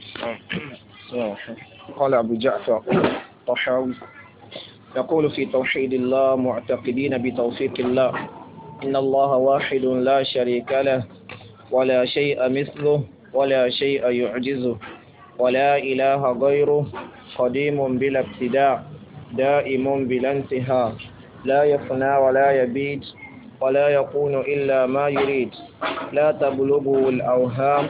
قال أبو جعفر طحاوي يقول في توحيد الله معتقدين بتوفيق الله إن الله واحد لا شريك له ولا شيء مثله ولا شيء يعجزه ولا إله غيره قديم بلا ابتداء دائم بلا انتهاء لا يفنى ولا يبيد ولا يكون إلا ما يريد لا تبلغه الأوهام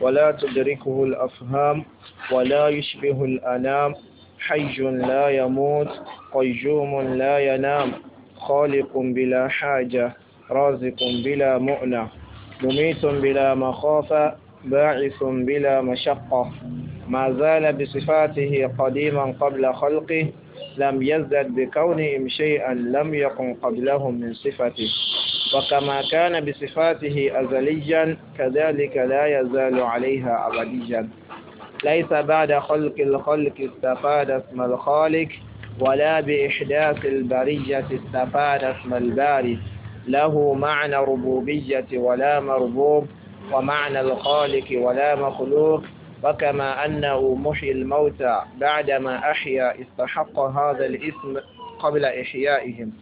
ولا تدركه الأفهام ولا يشبه الأنام حي لا يموت قيوم لا ينام خالق بلا حاجة رازق بلا مؤنة مميت بلا مخافة باعث بلا مشقة ما زال بصفاته قديما قبل خلقه لم يزدد بكونهم شيئا لم يكن قبلهم من صفته وكما كان بصفاته أزليا كذلك لا يزال عليها أبديا ليس بعد خلق الخلق استفاد اسم الخالق ولا بإحداث البرية استفاد اسم الباري له معنى ربوبية ولا مربوب ومعنى الخالق ولا مخلوق وكما أنه محيي الموتى بعدما أحيا استحق هذا الاسم قبل إحيائهم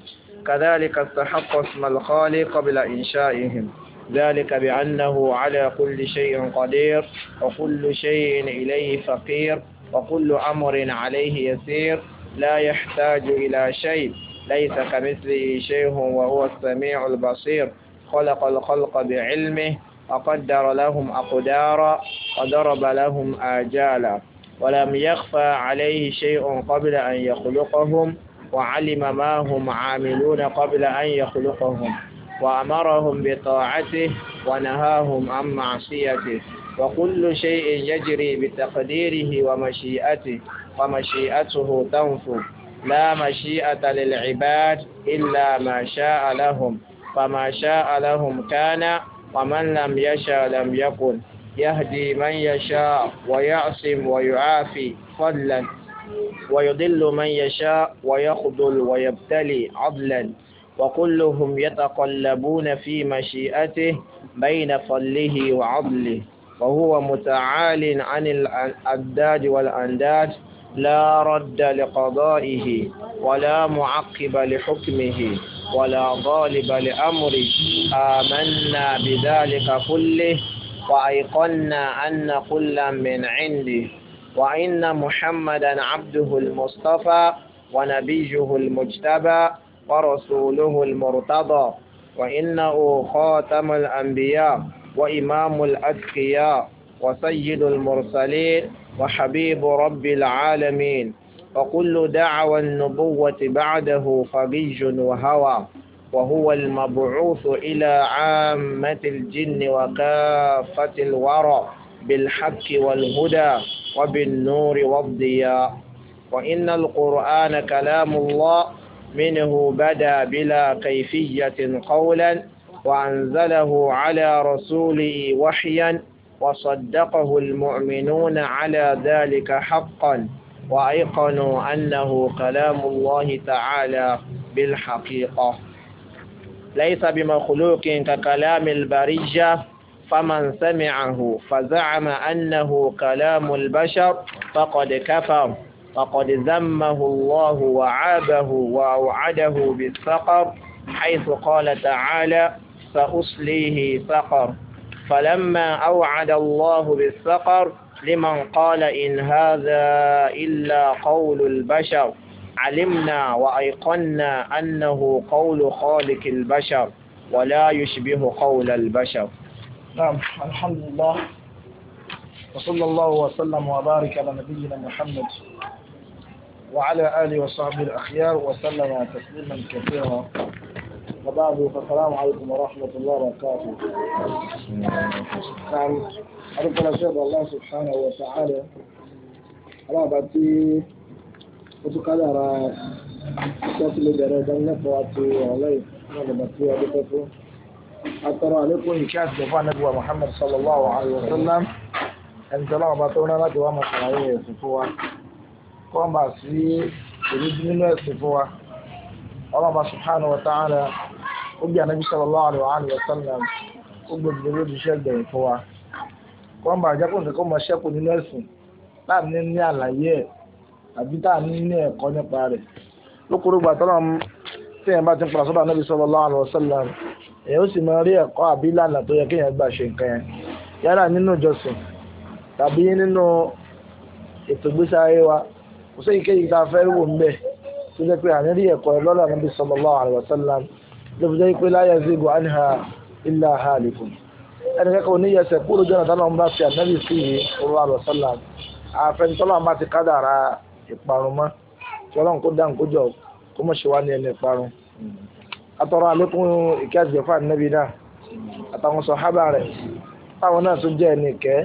كذلك استحق اسم الخالق قبل إنشائهم ذلك بأنه على كل شيء قدير وكل شيء إليه فقير وكل أمر عليه يسير لا يحتاج إلى شيء ليس كمثله شيء وهو السميع البصير خلق الخلق بعلمه وقدر لهم أقدارا وضرب لهم آجالا ولم يخفى عليه شيء قبل أن يخلقهم وعلم ما هم عاملون قبل أن يخلقهم وأمرهم بطاعته ونهاهم عن معصيته وكل شيء يجري بتقديره ومشيئته ومشيئته تنفذ لا مشيئة للعباد إلا ما شاء لهم فما شاء لهم كان ومن لم يشاء لم يكن يهدي من يشاء ويعصم ويعافي فضلا ويضل من يشاء ويخذل ويبتلي عدلا وكلهم يتقلبون في مشيئته بين فضله وعدله وهو متعال عن الأداد والأنداد لا رد لقضائه ولا معقب لحكمه ولا غالب لأمره آمنا بذلك كله وأيقنا أن كلا من عنده وإن محمدا عبده المصطفى ونبيه المجتبى ورسوله المرتضى وإنه خاتم الأنبياء وإمام الأتقياء وسيد المرسلين وحبيب رب العالمين وكل دعوى النبوة بعده فبيج وهوى وهو المبعوث إلى عامة الجن وكافة الورى بالحق والهدى وبالنور والضياء وإن القرآن كلام الله منه بدا بلا كيفية قولا وأنزله على رسوله وحيا وصدقه المؤمنون على ذلك حقا وأيقنوا أنه كلام الله تعالى بالحقيقة ليس بمخلوق ككلام البرية فمن سمعه فزعم أنه كلام البشر فقد كفر فقد ذمه الله وعابه وأوعده بالسقر حيث قال تعالى سأصليه سقر فلما أوعد الله بالسقر لمن قال إن هذا إلا قول البشر علمنا وأيقنا أنه قول خالق البشر ولا يشبه قول البشر نعم الحمد لله وصلى الله وسلم وبارك على نبينا محمد وعلى آله وصحبه الأخيار وسلم تسليما كثيرا وبعد فالسلام عليكم ورحمة الله وبركاته نعم ربنا شهد الله سبحانه وتعالى أنا بأتي وتقدر أشياء اللي بيرجع لك وأتي عليه atọrọ àlékún nke àti ìfọ̀ anábíwá Muhammad sallallahu alayhi wa sallam ẹni tí ọlọ́run bá tó rán láti wá máa ṣàlàyé ẹ̀sìn fún wa kọ́ máa sí ìrújú nínú ẹ̀sìn fún wa ọlọ́run bá subhanahu wa ta'ala ó gbé anábí sallallahu alayhi wa sallam ó gbogbo lórí iṣẹ́ fún wa kó máa ṣẹ́kù nínú ẹ̀sìn ní àlàyé ẹ̀ àbí ní ẹ̀kọ́ nípa rẹ̀ lókùrú e ó sì máa rí ẹ̀kọ́ àbí ìlànà tó yẹ kéèyàn gbà ṣe nǹkan yẹn yálà nínú ìjọsìn tàbí nínú ètò ìgbésí ayé wa kò sí èyíkéyìí tá a fẹ́ wò ń bẹ̀ tó jẹ́ pé àní rí ẹ̀kọ́ lọ́dọ̀ Ànábì sallallahu alaihi ló fi jẹ́ pé la yazigu anha illa halikun ẹni kẹ́kọ̀ọ́ ní yẹsẹ̀ kú lójú ọ̀nà tọ́lọ́ bá fi ànábì sí yìí sallallahu ti ìparun mọ́ tí ọlọ́run kó jọ kó atọrọ àlékún ìkẹ́ àtìgbẹ̀fà nẹ́bí náà àtàwọn sọ̀hábà rẹ̀ táwọn náà tún jẹ́ ẹni ìkẹ́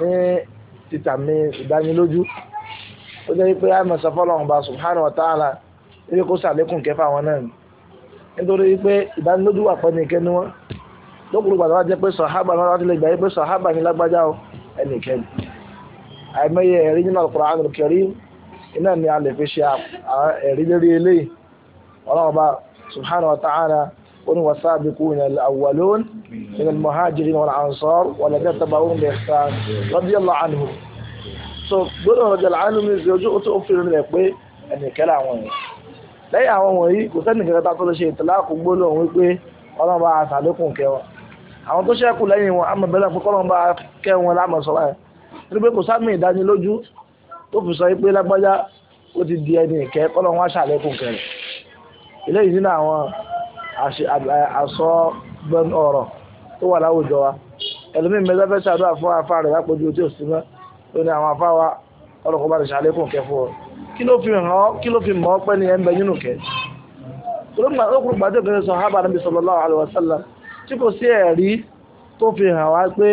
ní títàmì ìdánilójú ó jẹ́ pé àmọ̀ sọfọ́lọ́hún bá subhanahu wa ta'ala ebi kó sàlékún kẹfà wọn náà nítorí pé ìdánilójú wà pẹ́ni ìkẹ́ ni wọ́n lókùnrin gbàdá wá jẹ́ pé sọ̀hábà náà wọ́n ti lè gbà pé sọ̀hábà ní lágbájá o ẹni ìkẹ́ ni àìmọye ẹ̀rí nínú Al-Qur'an Al-Karim iná ni a lè fi ṣe ẹ̀rí lérí eléyìí ọlọ́run bá subhanahu وتعالى ta'ala oni الأولون من المهاجرين min al-muhajirin بإحسان ansar الله عنه. so gbọ́dọ̀ ọjọ́ láàánú mi ṣe ojú tó fi rẹ̀ pé ẹnìkẹ́lẹ̀ àwọn yìí lẹ́yìn àwọn wọ̀nyí kò sẹ́ni kẹta tó lè ṣe ìtìláàkù gbólóhùn wípé ọlọ́run bá àtàlékùn kẹ wọn àwọn tó ṣẹ́kù lẹ́yìn wọn àmọ̀ bẹ́lẹ̀ fún kọ́lọ́run bá kẹ wọn lámọ̀ sọ báyìí nítorí pé kò sáàmì ìdánilójú tó fi sọ pé lágbájá ó ti di ẹni kọ́lọ́run wá ṣàlékùn kẹrẹ̀ eléyìí nínú àwọn àsọ ọ̀rọ̀ tó wà láwùjọ wa ẹlòmíín mẹ́ta fẹ́ ṣàdúrà fún afá rẹ̀ lápòjú tí ò sí mọ́ ó ní àwọn afá wa ọlọ́kọ̀ bá ti ṣàlékún kẹ fún ọ kí ló fi hàn ọ́ kí ló fi mọ̀ ọ́ pẹ́ ní ẹ̀ ń bẹ nínú kẹ́ olókùnrin pàdé òkèrè sọ hábà níbi sallallahu alaihi wasallam tí kò sí ẹ̀rí tó fi hàn wá pé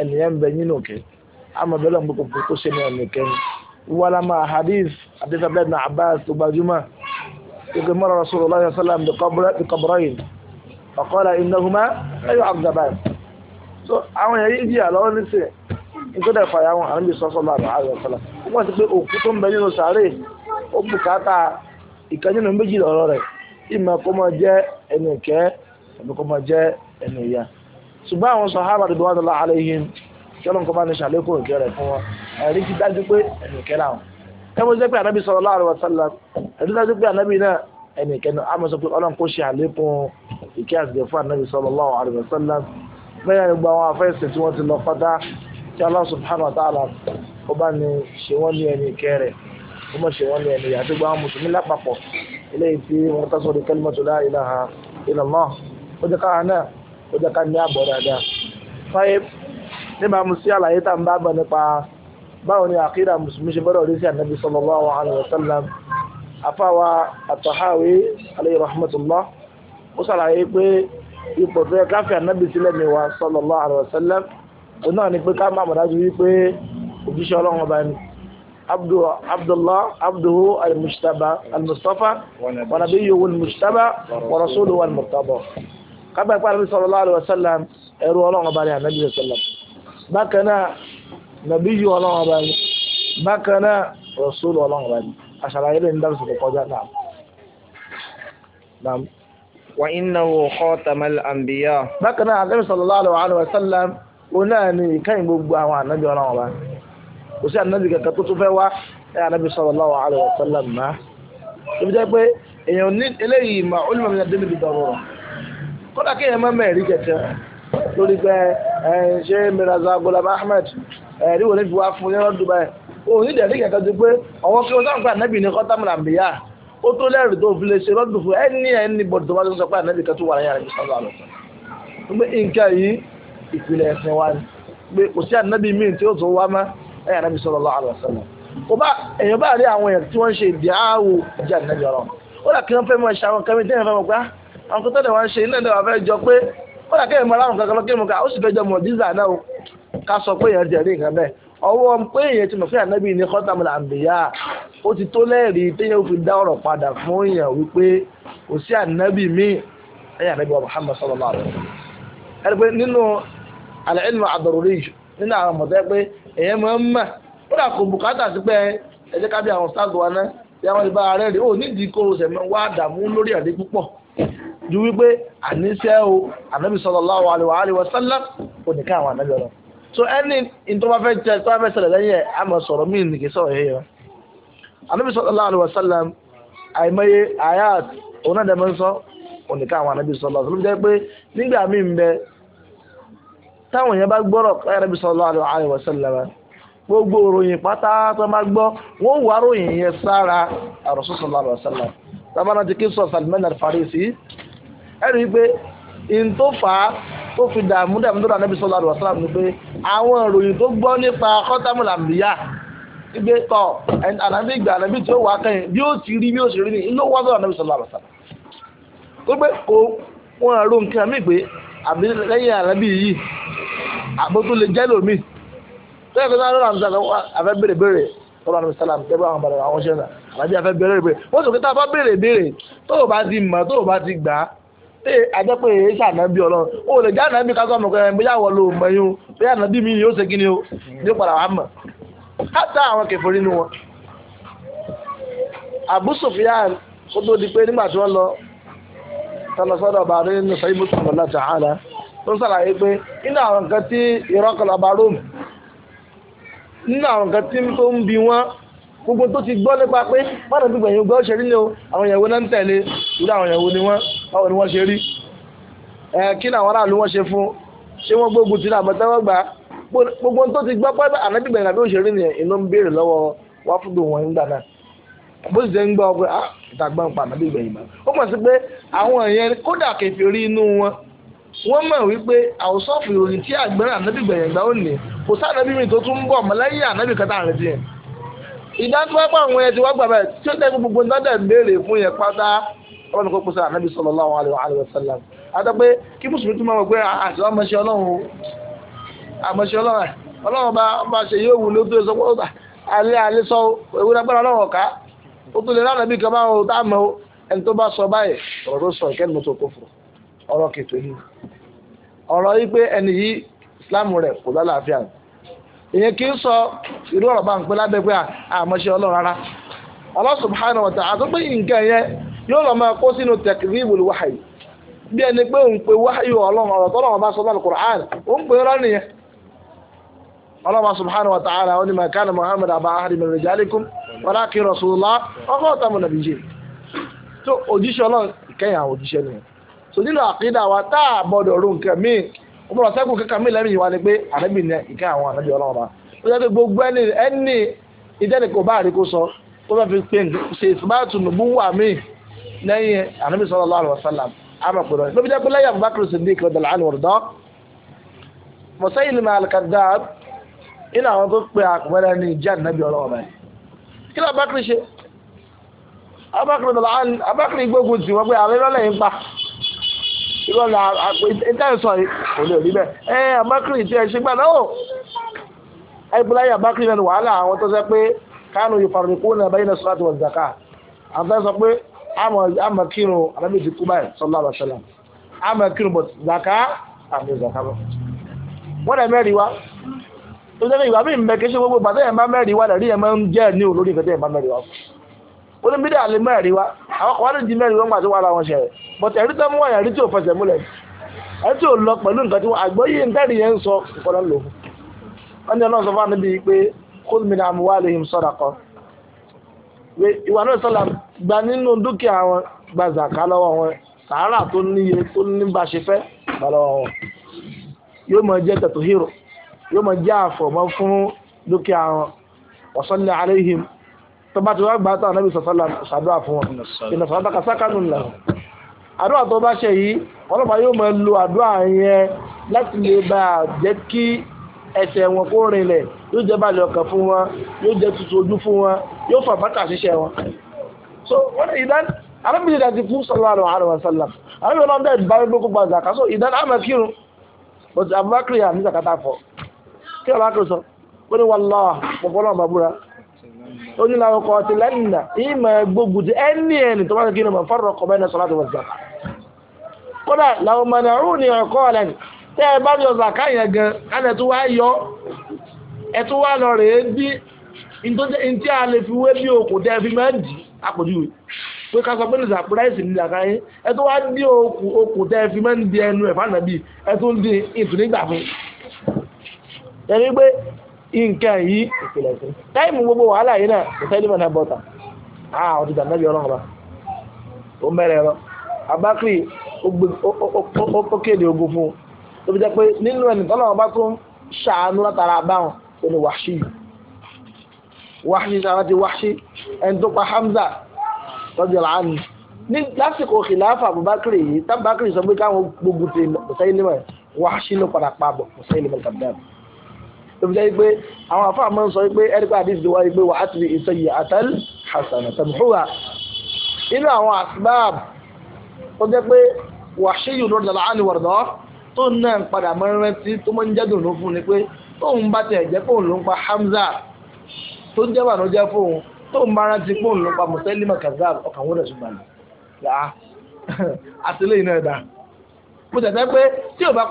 ènìyàn ń bẹ nínú kẹ́ amọ̀bẹ́lẹ̀ ń gbogbo kó ṣe ní ẹ̀mí kẹ́ni wàlámà hadith adéṣàbẹ́ ibn Abbas tó gbajúmọ̀ يقول مر رسول الله صلى الله عليه وسلم بقبرين فقال إنهما أي يعذبان àwọn èèyàn yìí jìyà lọ́wọ́ nísìn nítorí ẹ̀fà yà wọn àrùn ìsọ́sọ́ láàrin àrùn ọ̀sọ́lá wọ́n ti pé òkú tó ń bẹ nínú sàárè ó bùkátà ìkan nínú méjì lọ́rọ̀ rẹ̀ ìmọ̀ kó mọ jẹ́ ẹnu ìkẹ́ àbí kó mọ jẹ́ ẹnu ìyá ṣùgbọ́n àwọn sàhábà dúdú wọn lọ́la àlẹ́ yìí kí ọlọ́nkọ́ bá ní sàlékún ìkẹ́ rẹ̀ fún wọn ẹ̀rí dájú pé ẹnu ìkẹ́ làwọn tẹ́wọ́n jẹ́ pé ànábì sallallahu alaihi wasallam ẹ̀dúdájú pé ànábì náà ẹnìkẹ́ni àmọ́ sọ pé ọlọ́run kò ṣe àlékún ìkẹ́ àtìgẹ́ fún ànábì sallallahu alaihi wasallam bẹ́ẹ̀ ni gbogbo àwọn afẹ́sẹ̀ tí wọ́n ti lọ pátá tí Allah subhanahu wa ta'ala ó bá ní ṣe wọ́n ní ẹni ìkẹ́ rẹ̀ ó mọ̀ ṣe wọ́n ní ẹni àti gbogbo àwọn mùsùlùmí lápapọ̀ eléyìí báwo ni àkídà mùsùlùmí ṣe gbọ́dọ̀ rí sí ànábì sallallahu alaihi wasallam afáwa àtọ̀háwé alayhi rahmatullah ó sàlàyé pé ipò tó yẹ káfí ànábì sílẹ̀ mi wá sallallahu alaihi wasallam òun náà ni pé ká má mọ̀dájú wípé òjíṣẹ́ ọlọ́run ọba ni abdullah abduhu almustaba almustafa wa nabiyuhu almustaba wa rasuluhu almurtada nàbí yìí ọlọ́run ọba ni bákan náà rọ̀ṣọ́lù ọlọ́run ọba ni àṣàlàyé lè ń dárò sọ̀rọ̀ kọjá náà. wà iná wo kọ́ tamil ambiya. bákan náà àdébí sallallahu alaihi wa sallam ó náà ní ìkẹyìn gbogbo àwọn ànábì ọlọ́run ọba kò sí ànábì kankan tó tún fẹ́ wá ẹ̀ ànábì sallallahu alaihi wa sallam náà. ibi jẹ́ pé èèyàn ní eléyìí mà ó lórí pé ṣé miraza gulam ahmed ẹ̀rí wòlé fi wá fún yẹn lọ́dún báyìí òun ní ìdẹ̀rí kẹ̀kẹ́ ti pé ọ̀wọ́ fi ọjọ́ àgbà nẹ́bì ní kọ́tàmùlà mbìyà ó tó lẹ́rù tó fi lè ṣe lọ́dún fún ẹni ẹni bọ̀dọ̀ tó bá ti sọ pé ànẹ́bì kẹ́tù wà láyé àrẹ́bí sọ́dọ̀ àlọ́ pé nǹkan yìí ìpìlẹ̀ ẹ̀sìn wa ni pé kò sí ànẹ́bì míì tí ó tún wá mọ́ ẹ̀yà àrẹ́bí sọ́dọ̀ àlọ́ sọ́dọ̀ kò bá èèyàn bá rí àwọn èèyàn tí wọ́n ń ṣe ìdí àwò ìjà ànẹ́bì ọ̀rọ̀ ó dà kí wọ́n fẹ́ mọ ìṣàwọn kẹ́mi tí wọ́n fẹ́ mọ pé ah, àwọn kọ́tọ́dẹ̀ wọn ṣe iná ìdáwà fẹ́ jọ pé kódà kéèyàn mọ aláwọ̀ kankan lọ́kẹ́ mọ̀ká ó sì fẹ́ jọ mọ̀ díza náà ká sọ pé èèyàn jẹ̀rí nǹkan bẹ́ẹ̀ ọwọ́ pé èèyàn ti mọ̀ fún ànábì ní kọ́tàmùlà àǹbìyà ó ti tó lẹ́ẹ̀rí téèyàn fi dá ọ̀rọ̀ padà fún èèyàn wípé kò sí ànábì míì ẹ̀yà ànábì wa Muhammad sallallahu alaihi wasallam ẹni pé nínú àlẹ́ ẹni mọ̀ àdọ̀rọ̀rí nínú àwọn mọ̀tẹ́ pé èèyàn máa ń mọ̀ kódà kò bùkátà sí pé ẹ jẹ́ ká bí àwọn sáàgùn wa náà bí àwọn ìbára rẹ̀ rí ó nídìí kóró sẹ̀mẹ́ wá dààmú lórí àdé púpọ̀ ju wípé àníṣe o ànábì sallallahu alaihi wa sallam kò ní ká àwọn ànábì ọlọ so ẹni ìtọ́ba fẹ́ jẹ ìtọ́ba fẹ́ ṣẹlẹ̀ lẹ́yìn ẹ̀ á mọ̀ sọ̀rọ̀ mí nìkì sọ̀rọ̀ yẹn yẹn ànábì sallallahu alaihi wa sallam àìmọye àyàt òun náà dẹ̀mọ́ ń sọ òun nìkan àwọn ànábì sallallahu alaihi wa sallam jẹ́ pé nígbà míì ń bẹ táwọn èèyàn bá gbọ́rọ̀ sallallahu alaihi wa sallam gbogbo òròyìn pátá tó máa gbọ́ wọ́n wà ròyìn yẹn sára Rasul sallallahu alaihi wa sallam tábànà ti kí sọ Salman al-Farisi ẹ̀rí pé in tó fà á tó fi dààmú dààmú tó dà níbi sọ́lá àdùwà sọ́lá ni pé àwọn ìròyìn tó gbọ́ nípa kọ́tàmùlà bìyà gbé tọ̀ ànábì ìgbà ànábì tí ó wà kẹ́yìn bí ó ti rí bí ó ti rí ni ló wá sọ́dọ̀ ànábì sọ́lá àdùwà sọ́lá tó pé kó wọn àrò nǹkan mí pé àbí lẹ́yìn ànábì yìí àbó tó lè jẹ́ lómi tó yẹ kó sáré lọ́nà àmì àfẹ́ béèrè béèrè tọ́lá àmì sálàm tẹ́gbẹ́ àwọn àbàdàn àwọn ṣẹ́ńtà àbájá àfẹ́ béèrè béèrè wọ́n sọ pé tá a bá béèrè béèrè tó o bá ti mọ̀ tó o bá ti gbà á ṣé àjẹpẹ́ èyí ṣànábì ọlọ o lè jẹ́ ànábì ká sọ́mọ kẹ́ bóyá wọ́n lo mọ̀yún bóyá ànábì mi yóò ṣe kí ni o ní padà wàá mọ̀ káta àwọn kẹfìrí ni wọn. Abu ó tó di pé nígbà tí wọn lọ tọ́lọ́sọ́dọ̀ bàárẹ̀ nínú tó ń sàlàyé pé nínú àwọn nǹkan tí ìrọ́kọ̀lọ́ gbogbo tó ti gbọ́ nípa pé báwọn tó gbẹ̀yìn gbọ́ ṣe rí ni o àwọn ìyàwó náà ń tẹ̀lé irú àwọn ìyàwó ni wọ́n báwo ni wọ́n ṣe rí ẹ kí ni àwọn aráàlú wọ́n ṣe fún ṣé wọ́n gbógun ti làmọ́ tẹ́wọ́ gbà gbogbo tó ti gbọ́ pé ànábì gbẹ̀yìn àbí òṣèré ni inú ń béèrè lọ́wọ́ wá fúdù wọn ń gbà náà bó sì ṣe ń gbọ́ pé ah ìtàgbọ́ ń pa ànábì gbẹ̀yìn mọ́ ó mọ̀ sí pé àwọn èèyàn kódà kèfèrí inú wọn wọ́n mọ̀ wípé àwòsọ́ọ̀fù ìròyìn tí àgbẹ̀rẹ̀ ànábì gbà ó nì kò sáà ànábì tó tún ń bọ̀ mọ́ lẹ́yìn ànábì kẹta àrẹ̀tì ìdánilẹ́pọ̀ àwọn ẹ̀sìn wọ́n gbàgbẹ́ tí ó tẹ́kù gbogbo ń dọ́dẹ̀ béèrè fún yẹn pátá ọlọ́run kó pèsè ànábì sallallahu alaihi wa sallam àtọ́pẹ́ kí mùsùlùmí tún wọ̀ pé ah, àti ọmọọṣẹ́ ọlọ́run àmọ̀ṣẹ́ ọlọ́run ọlọ́run bá bá ṣe yóò wù sọ alẹ́ alẹ́ sọ èyàn kì í sọ irú ọ̀rọ̀ bá ń pè lábẹ́ pé àmọ́ṣe ọlọ́run rárá Allah subhanahu wa ta'ala àtúntò nǹkan yẹn yóò lọ máa kó sínú takdhibul wahyi bí ẹni pé òun pe wahyi ọlọ́run ọ̀rọ̀ tọ́lọ́run bá sọ lọ́nà Qur'an òun pe rán nìyẹn Allah subhanahu wa ta'ala ó ní ma kana Muhammad ahadi tó ìkẹyìn àwọn nìyẹn ọmọlọ sẹ́kù kíkà mí lẹ́mìí wa ni pé ànábì ni ìkẹ́ àwọn ànábì ọlọ́run wa ó jẹ́ pé gbogbo ẹni ẹni ìjẹ́ni kò bá àríkó sọ tó bá fi pé ṣe ìsìbáàtù nùbú wà mí lẹ́yìn ànábì sallallahu alaihi wasallam àmọ̀ pẹ̀lú ẹ̀ lóbi jẹ́ pé lẹ́yìn Abubakar Siddiq radiyallahu anhu ọ̀dọ́ Musaylima al-Kadhdhab iná àwọn tó pe àpẹẹrẹ ní ìjẹ́ ànábì ọlọ́run wa kí irọ́ la ìtẹ́sọ̀ kò lè rí bẹ́ẹ̀ ẹ àbákìrì tí ẹ ṣe gbà náà ẹgbẹ́láyà àbákìrì náà wàhálà àwọn tó sẹ pé kánú ìfarikó náà bẹ́yìn náà sọ́láàtì wọ̀n zaka àfẹ́ sọ pé àmọ̀ kírun alábí ti kú báyìí sọ́lá àbàṣẹ́lá àmọ̀ kírun bọ̀ zaka àmì zaka bọ̀ wọ́n dẹ̀ mẹ́rin wá tó jẹ́ pé ìgbà mí oníbídà lè mọ ẹ̀rí wa àwọn kan wá ní di mẹ́rin wọn gbà tó wà láwọn ṣẹlẹ̀ but ẹ̀rí tó mú wáyà ẹ̀rí tí ò fẹsẹ̀ múlẹ̀ ẹ̀rí tí ò lọ pẹ̀lú nǹkan tí wọ́n àgbọ́yé ntẹ́rì yẹn ń sọ ọ̀pọ̀lọ́ lò wọ́n ní ọlọ́run sọ fún àníbi pé khudh min amwalihim sadaqa ìwà náà sọ̀là gba nínú dúkìá wọn gba zàká lọ́wọ́ wọn sàárà tó níye tó ní bá ṣe fẹ́ gbà lọ́wọ́ wọn yóò alaihim tó bá ti wá gbà tá ànábì sọ̀sọ́lá ṣàdúrà fún wọn ìnà sọ̀rọ̀ bá sákànù ńlá àdúrà tó bá ṣe yìí ọlọ́pàá yóò máa lo àdúrà yẹn láti lè bá a jẹ́ kí ẹsẹ̀ wọn kó rinlẹ̀ yóò jẹ́ balẹ̀ ọkàn fún wọn yóò jẹ́ tutù ojú fún wọn yóò fà bàtà ṣiṣẹ́ wọn. so wọ́n ìdán arábìnrin àti fún sallallahu alaihi wasallam arábìnrin náà bẹ́ẹ̀ bá gbogbo gba zaka so ìdán àmà kírun but Abubakar yà ní zakata fọ kí Abubakar sọ ó ní wàllá onílàwọ̀ kan ti lẹ́yìn náà ìmọ̀ gbogbo ti ẹni ẹni tó bá ti kírun fọ́rọ̀ kọ̀ bẹ́ẹ̀ sọ́lá tó wọ̀ zàkà. kódà làwọn mọ̀nà ọ̀rùn ni ọ̀kọ́ ọ̀lẹ́ni tẹ́ ẹ bá yọ zàkà yẹn gan kálẹ̀ tó wá yọ ẹ tó wá lọ rèé bí ntí a lè fi wé bí okùn tẹ́ ẹ fi máa ń dì àpòjúwe pé ká sọ pé ní zàkúrá ìsìn ní zàkà yẹn wá dí okùn tẹ́ fi máa ń di ẹnu ẹ̀ fánàbí ẹ tó ń di fún. ẹ̀rí pé nǹkan yìí táìmù gbogbo wàhálà yìí náà kò sẹ́ni mọ̀ náà bọ́ta àà ọ̀tí dànàbí ọlọ́run ọba o mẹ́rẹ̀ ẹ̀rọ abákìrì ó kéde ogun fún o tó fi jẹ́ pé nínú ẹni tọ́lọ́run ọba tó ń ṣàánú látara báwọn ó ní wàṣí wàṣí sára ti wàṣí ẹni tó pa Hamza lọ́jọ́ làánú ní lásìkò kìláfà abubakiri yìí tábàkiri sọ pé káwọn gbógun ti mọ̀ sẹ́yìn lé mọ̀ wàṣí ló padà pa bọ̀ sẹ́yìn lé mọ̀ tàbí dáàbò tó fi jẹ́ pé àwọn àfáà máa ń sọ pé ẹni pé àdìsí wáyé pé wàá ti ìsẹyìn àtẹl hasana tẹmùhúwa inú àwọn asbab tó jẹ́ pé wàṣíyù lọ́dọ̀ láàánú wọ̀dọ́ tó náà ń padà mọ́ rántí tó máa ń jẹ́ dùnú fún ni pé tóun bá tẹ̀ jẹ́ pòun ló ń pa Hamza tó ń jẹ́ bànújẹ́ fóun tóun bá rántí pòun ló ń pa Musailima Kazzab ọkàn wọn rẹ̀ ṣùgbọ́n àtìlẹ́yìn náà dà mo tẹ̀sẹ̀ pé tí ò bá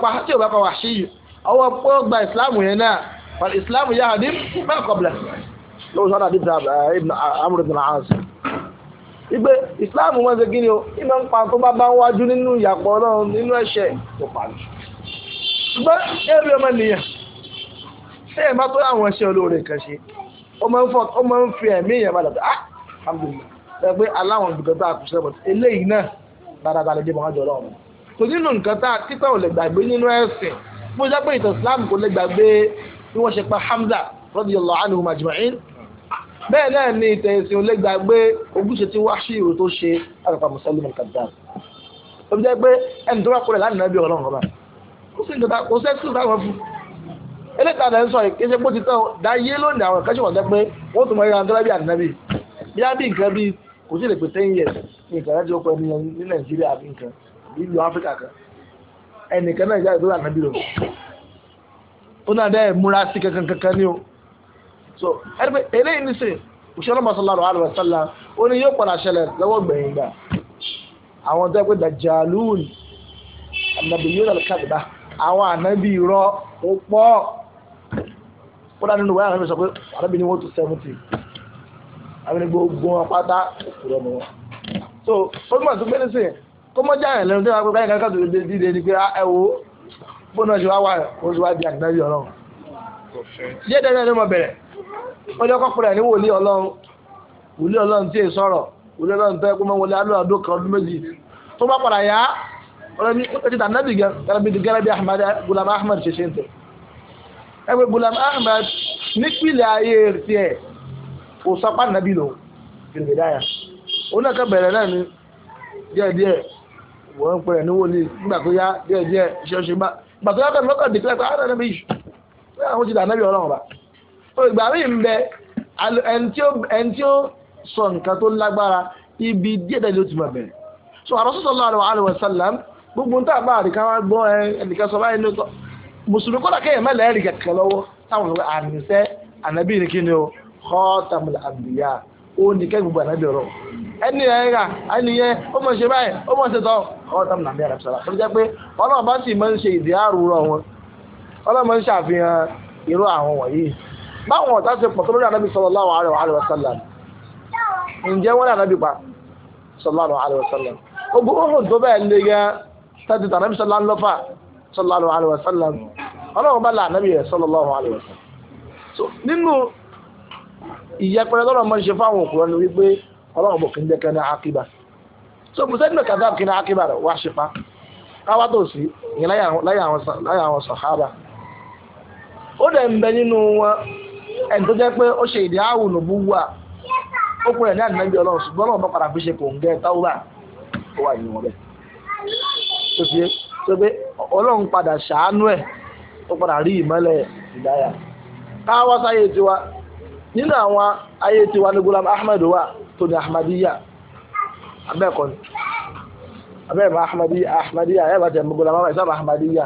pa wàṣíyù ọwọ́ pé ó gba ìsìláàmù yẹn náà wà ìsìláàmù yà á ní mẹ́rin kọ́bìlẹ̀ lọ́wọ́ sọ́dọ̀ àdìbò eh, amúrò ìdùnnà ánsì. ìgbé ìsìláàmù wọn ṣe kí ni o ìmọ̀ ń pa tó bá bá ń wájú nínú ìyàpọ̀ ọlọ́run nínú ẹ̀ṣẹ̀ tó pa ní. ṣùgbọ́n ẹ̀rí ọmọ nìyẹn ṣé ẹ̀ máa tó àwọn ẹ̀ṣẹ̀ olóore kan ṣe ó máa ń fi ẹ̀mí yẹn padà ah alhamdulilayi ẹ pé nǹkan tá a títà ò bó ṣe pé ìtàn islam kò lè gbàgbé bí wọ́n ṣe pa hamza radiyallahu anhu majma'in bẹ́ẹ̀ náà ni ìtàn ẹ̀sìn olè gbàgbé ojúṣe tí wáṣí ìrò tó ṣe àgbàpá mùsùlùmí kàdáà ó fi jẹ́ pé ẹni tó bá kúrẹ̀ láti nàbí ọlọ́run ọba kò sí ìjọba kò sí ẹ̀sìn táwọn fún eléta náà ń sọ kí ṣe bó ti tán dáyé lónìí àwọn ìkẹ́sì wọ̀n tẹ́ pé wọ́n tún mọ ẹran tó lábí ànábì bí á bí nǹkan bí kò sí lè pè ten years ní ìkàrà tí ó pẹ́ ní Nàìjíríà bí nǹkan ìlú Áfíríkà kan ẹnìkan náà jáde tó wà nábì lọ ó náà dẹ́ múra sí kankan kankan ní o so ẹgbẹ́ eléyìí nísìn òṣèlú mọ́sálárò àlùbọ́sálà ó ní yóò padà ṣẹlẹ̀ lọ́wọ́ gbẹ̀yìn gbà àwọn tó yẹ pé dàjàlúùn ànàbì yóò lọ kàdùbà àwọn ànábì irọ́ ó pọ̀ kódà nínú wáyà ànábì sọ pé ànábì ní wọ́n tó seventy àbí ní gbogbo wọn pátá òkúrọ̀ mọ́ wọn so ó túmọ̀ sí pé nísìn kó mọ́ jáyẹ̀ lẹ́nu tí wọ́n pẹ́ káyìn kankan tó lè dìde ni pé ah, ẹ wo bóun náà ṣe wá wà ó ṣe wá di àgbẹ̀dẹ́bí ọlọ́run. díẹ̀ díẹ̀ ni mo bẹ̀rẹ̀ ó ní ọkọ̀ pẹ̀lẹ́ ní wòlíì ọlọ́run wòlíì ọlọ́run tí ì sọ̀rọ̀ wòlíì ọlọ́run tó ẹ kó mọ́ wọlé alóhùn ọdún kan ọdún méjì tó bá padà yá ọlọ́ni ó ti dànù nàbìgẹ́ gẹ́gẹ́ bí Ahmad Gulam Ahmad ṣe ṣe ń tẹ̀ ẹgbẹ́ Gulam Ahmad nípìnlẹ̀ ayé tiẹ̀ kò sọ pàǹdàbí lò kìlìbìdáyà ó náà kẹ́ bẹ̀rẹ̀ náà ní díẹ̀díẹ̀ wọ́n ń pẹ̀rẹ̀ ní wòlíì nígbà tó yá díẹ̀ díẹ̀ iṣẹ́ ṣe bá gbà tó yá kẹ́ni lọ́kàn dìkẹ́ pé àwọn ẹ̀rọ iṣu pé àwọn ti dànù ẹ̀rọ ọ̀rọ̀ bá. ìgbà mi ń bẹ ẹni tí ó sọ nǹkan tó lágbára ibi díẹ̀ díẹ̀ ló ti máa bẹ̀rẹ̀. so àròsọ sọ lọ́wọ́ àlùwẹ̀ sàlám gbogbo nta bá àríkà wá gbọ́ ẹnìkan sọ báyìí lóòótọ́ mùsùlùmí kọ́lá kéèyàn mẹ́lẹ̀ ẹ̀rì kẹ̀kẹ́ lọ́wọ́ táwọn ọ̀rọ̀ àníṣẹ́ ẹni yẹn rà ẹni yẹn ó mọ̀ ṣe báyìí ó mọ̀ ṣe tọ́ ọ̀ tàbí nàbí àrẹ sọ̀rọ̀ tó jẹ́ pé ọlọ́run bá sì máa ń ṣe ìdí àrùrọ̀ wọn ọlọ́run máa ń ṣàfihàn irú àwọn wọ̀nyí báwọn ọ̀tá ṣe pọ̀ tó lórí ànábì sallallahu alaihi wasallam ǹjẹ́ wọ́n ní ànábì pa sallallahu alaihi wasallam ogun òhùn tó bẹ́ẹ̀ lé gan tẹ́tí tànábì sọlá alaihi wasallam ọlọ́run bá la ànábì yẹn alaihi wasallam nínú ìyẹpẹrẹ lọ́rọ̀ mọ́ ṣe fáwọn òkúrọ́ ni wípé ọlọ́run bò kí ń jẹ́ ní akíba so kò sẹ́ni mẹ́ka dáàbò kí ní akíba rẹ̀ wá ṣe pa káwá tó sí ìyẹn láyé àwọn ó dẹ̀ ń bẹ nínú wọn ẹni tó jẹ́ pé ó ṣe ìdí ó ní àdínẹ́bí ọlọ́run ṣùgbọ́n padà fi ṣe kò ń gẹ́ ó wà wọn tó pé ọlọ́run padà ṣàánú ẹ̀ ó padà rí ìmọ́lẹ̀ ìdáyà sáyé nínú àwọn ayé tí wà ní Gulam Ahmed wà tó ní Ahmadiyya abẹ́ẹ̀kọ́ ni abẹ́ẹ̀mọ Ahmadiyya Ahmadiyya ayébá tẹ̀ Gulam Ahmed sábà Ahmadiyya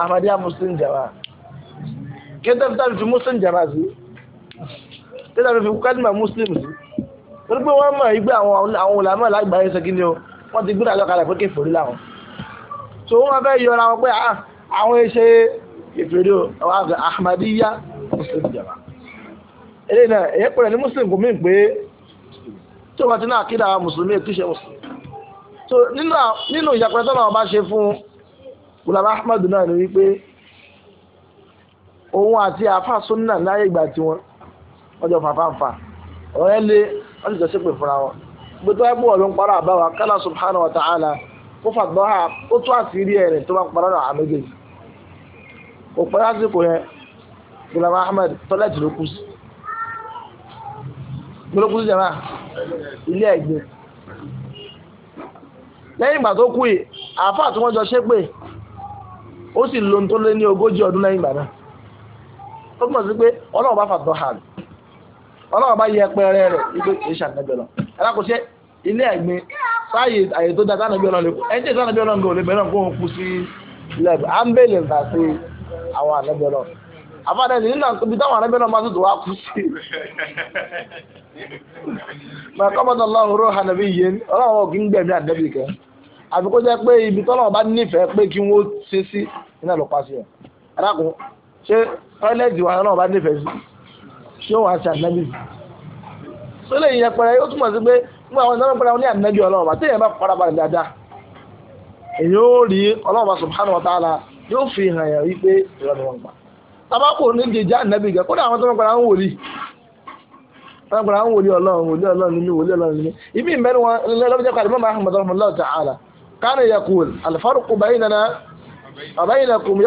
Ahmadiyya Muslim jama kí n tẹ́lifíta fi Muslim jama sí tẹ́lifíta fi kálímà Muslim sí wọ́n pé wọ́n mọ̀ ìgbé àwọn olàmọ̀ lágbàáyé sọ kí o wọ́n ti gbúdọ̀ àjọkalẹ̀ pé kéfòrí làwọn so wọ́n fẹ́ yọra wọn pé ah, àwọn ẹ̀ṣẹ̀ kéfòrí o àwọn Ahmadiyya Muslim jama. eléyìí na èyí pẹ̀lẹ́ ní muslim kò mí pé tí wọ́n ti ní àkídà mùsùlùmí ètò ìṣe mùsùlùmí so nínú ìyàpẹ́ tọ́nà ọba ṣe fún gulaba ahmadu náà ni wípé òun àti àfa sunna láyé ìgbà tiwọn wọ́n jọ fàfàǹfà ọ̀rẹ́ lé wọ́n ti jọ ṣépè fúnra wọn parọ́ àbáwá kálá subhanahu wa ta'ala fàgbọ́ ha ó tó bá parọ́ náà àmì lásìkò yẹn gulaba ahmad tọ́lẹ̀tì ló kù sí gbọ́dọ̀kú sí jama ilé ẹ̀gbẹ́ lẹ́yìn ìgbà tó kú yìí àáfàá tí wọ́n jọ ṣépè ó sì lo tó lé ní ogójì ọdún lẹ́yìn ìgbà náà ó túmọ̀ sí pé ọlọ́run bá fàtọ́ hàn ọlọ́run bá yẹ pẹrẹ rẹ̀ wípé kì í ṣàtẹ́gbẹ́ lọ alákòóṣe ilé ẹ̀gbin sáàyè àyè tó da sánàbí ọlọ́run lè ẹni tí sánàbí ọlọ́run lè bẹ̀rẹ̀ kó o kú sí ilé ẹ̀gbin à ń bèèrè nǹkan sí àwọn àlẹ́bí àfáàdé ní nínú àtúbí táwọn arábẹ́ náà máa tó tó wá kú sí. màá kọ́ bọ́tọ̀ lọ́rùn ró hànàbí yẹn ọlọ́run kì í gbẹ̀mí àdẹ́bì kẹ́ àfi kó jẹ́ pé ibi tọ́lọ́run bá nífẹ̀ẹ́ pé kí wọ́n ṣe sí iná ló pa sí ẹ̀ arákùn ṣé tọ́lẹ́ẹ̀tì wa náà bá nífẹ̀ẹ́ sí ṣé wọ́n á ṣe àdẹ́bì sí. sólè yẹn pẹrẹ yóò túmọ̀ sí pé nígbà àwọn ìdáná pẹrẹ wọn ní àdẹ́bì ọlọ́run bá téèyàn bá farabalẹ̀ dáadáa èyí ó rí ọlọ́run bá subhanahu wa ta'ala yóò fi hàn yàn wípé ìrọ̀lẹ́ wọn gbà. tabako ní jẹjẹ ànábì gan kódà àwọn tó ń padà ń wòlíì wọn padà ń wòlíì ọlọ́run wòlíì ọlọ́run nínú wòlíì ọlọ́run nínú ibi ìmẹ́rin wọn lọ́jọ́ kan àdìmọ́ mahamud rahmanullah ta'ala kánà yakul alifaruku bayinana abayinakum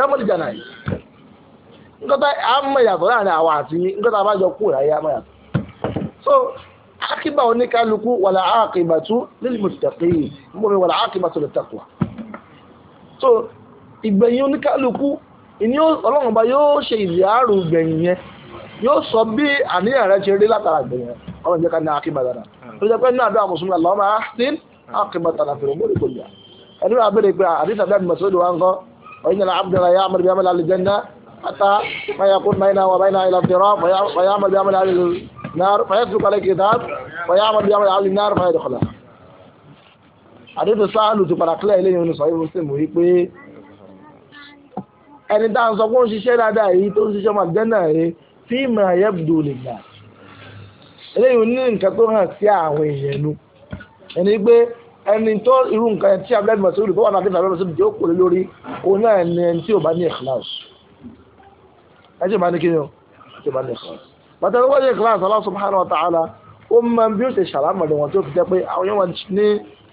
nkọta yàtọ̀ láàrin àwọn àti nkọta kú yàtọ̀ so akiba lè so ìgbẹ̀yìn oníkálukú ìní ọlọ́run ọba yóò ṣe ìyáàrú gbẹ̀yìn yẹn yóò sọ bí àníyàn rẹ ṣe rí látara gbẹ̀yìn yẹn ọlọ́run jẹ́ ká ní akíbadàdà tó jẹ́ pé ní àdó àmùsùnmí àlọ́ máa ní akíbadàdà fèrè mórí kò yà ẹni wàá bèrè pé àdìsá bẹ́ẹ̀ mọ̀ sódò wa ń kọ́ ọ̀yin nàlá abdul ayé amadu bíi amadu aljanna ata mayakun mayina wa mayina ila fira mayamadu bíi amadu alil nar mayasuru kala kitab mayamadu bíi amadu alil nar mayadukula. àdìsá sáà lùtù pàràkìlẹ̀ ilé yẹn ní sọ ẹni tá à ń sọ pé ó ń ṣiṣẹ́ dáadáa èyí tó ń ṣiṣẹ́ ọmọ àgbẹ̀nà rẹ̀ tí ìmọ̀ ẹ̀yẹ́ bùdó lè gbà eléyìí ní nǹkan tó hàn sí àwọn èèyàn nu ẹni pé ẹni tó irú nǹkan tí abúlẹ́dì mọ̀sí olùkọ́ wà láti ìfàlẹ́ mọ̀sí olùkọ́ kò lé lórí òun náà ni ẹni tí ò bá ní ìkìláàs ẹ ṣe máa ní kíni o tí ò bá ní ìkìláàs bàtà ló wáyé ìkìláàs Allah subhanahu wa ta'ala ó mọ bí ó ṣe ṣàlámọ̀dé wọn tí fi jẹ́ pé àwọn yẹn wọn ní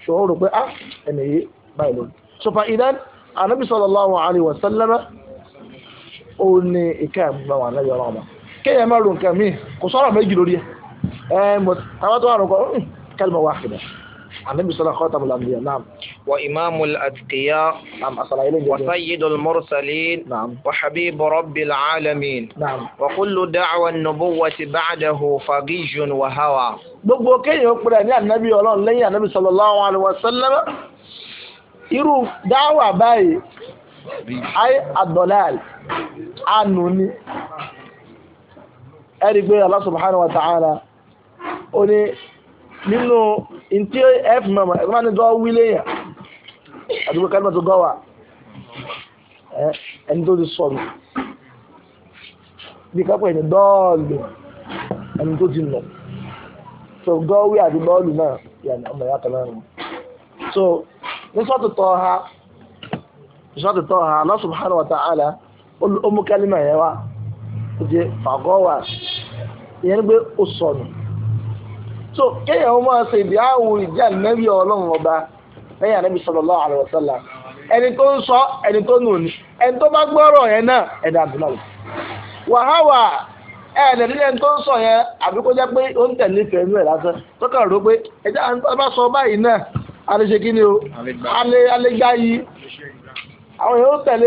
ṣòro pé ah, ẹni yìí báyìí lónìí so fa idan anabi sallallahu alaihi wa ó ní ìka àgbà wà lẹ́yìn ọ̀rọ̀ ọ̀ma kéèyàn máa ro nǹkan míì kò sọ̀rọ̀ méjì lórí ẹ̀ النبي صلى الله عليه وسلم نعم وإمام الأتقياء نعم وسيد المرسلين نعم وحبيب رب العالمين نعم وكل دعوى النبوة بعده فقيج وهوى gbogbo kéèyàn pèrè ní ànábì ọlọ́run lẹ́yìn ànábì sallallahu alaihi wasallam irú dáwà báyìí ayé àdọ̀láàlì àánú ní ẹ̀rí pé Allah wa ta'ala ó ní nínú ntí ẹ̀fì mọ̀mọ́ ẹ̀fì máa ní gọ́ wílé yẹn àdúgbò kẹ́lẹ́mọ̀ tó gọ́ ẹni tó ti sọnù bí kápẹ́ ẹni dọ́ọ̀lù ẹni tó ti nù so gọ́wí àti bọ́ọ̀lù náà ọmọ náà so ní tọ́ ha ní sọ́ọ̀tù tọ́ ha Allah subhanahu ó mú yẹn wá ó ti fàgọ́ wà so kéèyàn ó máa ṣe àwọn ìdí ànábì ọlọ́run ọba lẹ́yìn ànábì sallallahu alaihi ẹni tó ń sọ ẹni tó nù ní ẹni tó bá gbọ́rọ̀ yẹn náà ẹ̀dá àbúlọ̀ wàháwà ẹ̀ẹ́dẹ̀ nílẹ̀ tó ń sọ yẹn àbí pé ó ń tẹ̀lé ìfẹ́ inú ẹ̀ lásán tó kàn pé sọ báyìí náà a o gbá yìí àwọn ó tẹ̀lé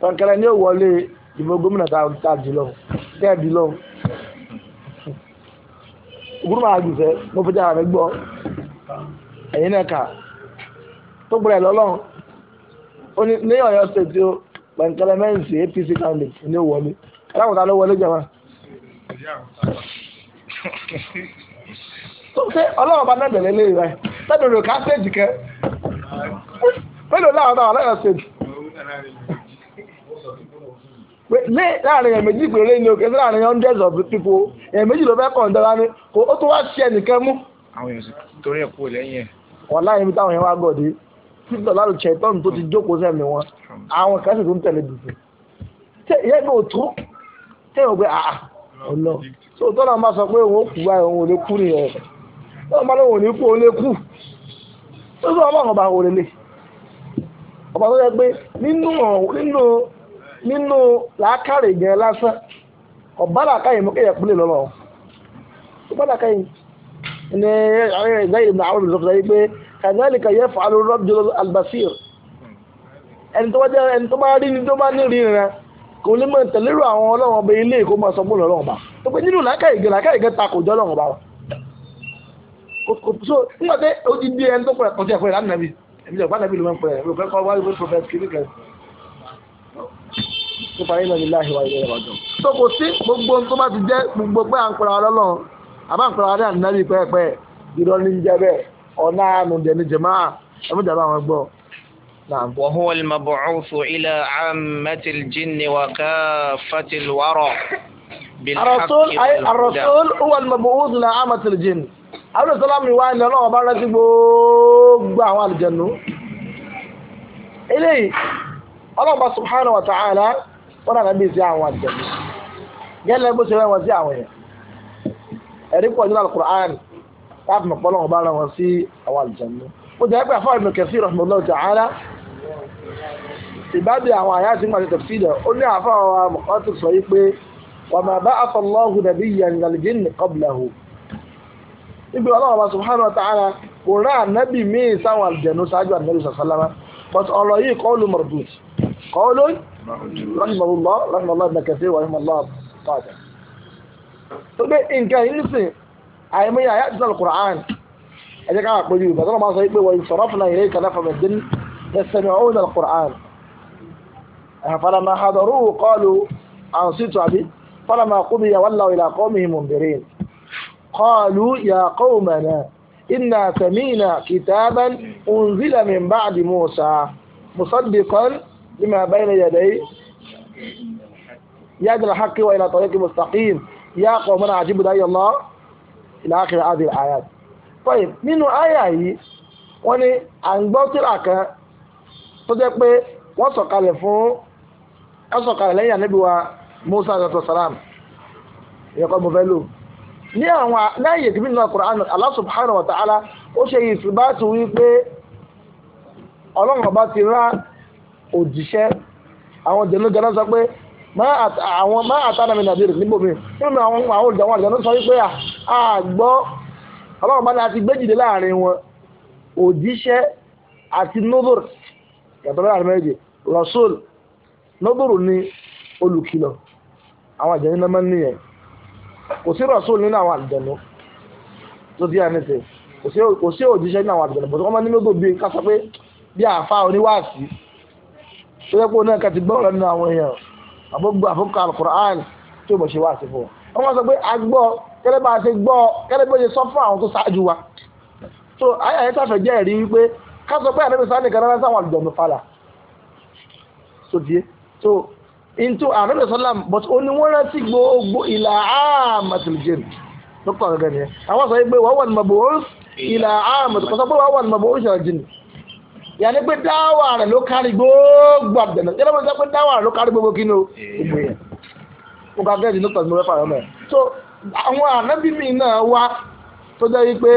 Sọ̀kẹ̀rẹ̀ ni ó wọlé ìbò gómìnà tá a dì lọ tẹ́ ẹ̀ dì lọ. Ògùrùmà àgùnfẹ́ mo fi jára mi gbọ́ ẹ̀yin náà kà tó gbọ́dọ̀ lọ́lọ́run ó ní ní Ọ̀yọ́ state ó pẹ̀ǹkẹ́lẹ́ mẹ́ǹsì APC candidate ni ó wọlé aláwọ̀ ta ló wọlé jẹ́ wọn. ọlọ́wọ́ bá nẹ́bẹ̀rẹ̀ lé rẹ̀ lẹ́bẹ̀rẹ̀ ká kẹ́ mélòó láwọn ọlọ́yọ̀ stage lé láàrin èèyàn méjì péré ni òkè láàrin hundreds of people èèyàn méjì ló fẹ́ kàn dára ni kò ó tó wá ṣe ẹnìkan mú. àwọn èèyàn sì torí ẹ̀ kú lẹ́yìn ẹ̀. wọn láyé mi táwọn yẹn wá gọ̀dí títọ̀ láti ṣe tó ti jókòó sẹ́mi wọn àwọn kan sì tún tẹ̀lé dùdù. ṣé ìyá ìgbà ò tó ṣé ìwọ̀n pé àà ọ̀nà tó tọ́nà máa sọ pé òun ò kú báyìí òun ò lè kú nìyẹn tọ́nà máa lóun ò ní kú nínú làákàrè gan lásán ọ̀bá làákàyè mú kéèyàn pínlẹ̀ lọ́lọ́ ọ̀bá làákàyè ní ẹ̀rẹ́ ìbùnà àwọn olùsọ̀fọ̀ sọ pé kàdáàlìkà yẹ fàálù albasir ẹni tó bá jẹ́ ẹni tó bá rí ni tó bá ní ríran kò ní máa tẹ̀lérò àwọn ọlọ́run ọba ilé kó máa sọ bóòlù ọlọ́run ọba tó pé nínú làákàyè gan làákàyè gan ta kò jọ ọlọ́run ọba wa so nígbà nípa iná ní láàyè wáyé ìrọ̀jọ́. tó kò sí gbogbo tó bá ti jẹ́ gbogbo pé à ń pera lọ́lọ́run àbá ń pera ní ànábì pẹ́ẹ́pẹ́ irọ́ ní jẹ́ bẹ́ẹ̀ ọ̀nà àánú jẹ́ ní jẹ̀má ẹ̀mẹ́jà bá wọn gbọ́. وهو المبعوث إلى عامة الجن وكافة الورع الرسول أي الرسول هو المبعوث إلى عامة الجن àwọn ìsọlámù ìwà ilẹ̀ ọlọ́wọ́ bá rántí gbogbo àwọn àlùjànnú eléyìí ọlọ́wọ́ subhanahu wa ta'ala wọ́n dàgbà bíi sí àwọn àjẹmí gẹ́lẹ́ bó ṣe rẹ́ wọn sí àwọn yẹn ẹ̀rí pọ̀ nínú alukur'an láti mọ̀ pọ́lọ́ ọba ara wọn sí àwọn àjẹmí ó jẹ́ pé àfáà Ibn Kathir rahimahullah ta'ala ìbádìí àwọn àyà àti ìgbàlejò tafsir ó ní àfáà wa mọ̀kọ́tù sọ yí pé wa ma ba'atha Allahu nabiyyan minal jinni qablahu níbi ọlọ́run رحمة الله رحمة الله ابن كثير ورحمة الله قادم فبي إن كان يلسي أي ما يأتي القرآن أجاك على قديو بدل ما صحيح بي وإن صرفنا إليك نفع من الدن يستمعون القرآن فلما حضروه قالوا أنصيت أبي فلما قضي ولوا إلى قومه منذرين قالوا يا قومنا إنا سمينا كتابا أنزل من بعد موسى مصدقا لما بين يدي يد الحق وإلى طريق مستقيم يا قومنا عجيب دعي الله إلى آخر هذه الآيات طيب nínú àyà yìí wọ́n ní à ń gbọ́ tírà kan tó jẹ́ pé wọ́n sọ̀kalẹ̀ fún wọ́n sọ̀kalẹ̀ lẹ́yìn ànábì wa Musa àti salam ìyẹ́kọ́ mo fẹ́ lò ní àwọn láyé tìbí nínú Al-Qur'an Allah subhanahu wa ta'ala ó ṣe ìsìnbá ti wí pé ọlọ́run ọba ti rán òjíṣẹ́ àwọn jẹ̀nu gánà sọ pé àwọn má àtàdà mi nàbí rẹ̀ níbòmí nínú àwọn àwọn olùdó àwọn àjẹ̀nu sọ wípé àgbọ́ ọlọ́run bá ní àti gbéjìdé láàrin wọn òjíṣẹ́ àti nóbòrò yàtọ̀ láàrin méjì rasul nóbòrò ni olùkìlọ̀ àwọn àjẹ̀nu náà máa ń nìyẹn kò sí rasul nínú àwọn àjẹ̀nu tó bí àníṣe kò sí òjíṣẹ́ nínú àwọn àjẹ̀nu bọ̀dọ̀ wọ́n máa ní nóbòrò bí ká sọ pé bí àáfàá oníwáàsí sọ́jọ́ pé onáà kan ti gbọ́rọ̀ nínú àwọn èèyàn àbúgbò àfọkọ alukur'an tí ó bọ̀ ṣe wá sí fún ọ wọ́n sọ pé a gbọ́ kẹ́lẹ́ bá a ṣe gbọ́ kẹ́lẹ́ bó ṣe sọ fún àwọn tó ṣáájú wa so ayé àyè sáfẹ̀ jẹ́ ẹ̀rí wípé ká sọ pé àdébísà nìkan rárá sáwọn àlùjọ̀nù falà so díẹ̀ so into àdébísà sọlá but ó ní wọ́n rántí gbogbo ìlà àmàtìlìjẹ́nì lọ́kọ̀ gẹ́gẹ́ nìyẹn àwọn sọ pé wàá wà ní mabòó ìlà yàní pé dáwà rẹ̀ ló kárí gbogbo àgbẹ̀nà yẹ́n lọ́mọdé pé dáwà rẹ̀ ló kárí gbogbo kí ni o gbogbo yẹn mo ka gẹ́gẹ́ di nọ́tọ̀ mi rẹ́fà rẹ̀ so àwọn ànábì mi náà wá tó jẹ́ yí pé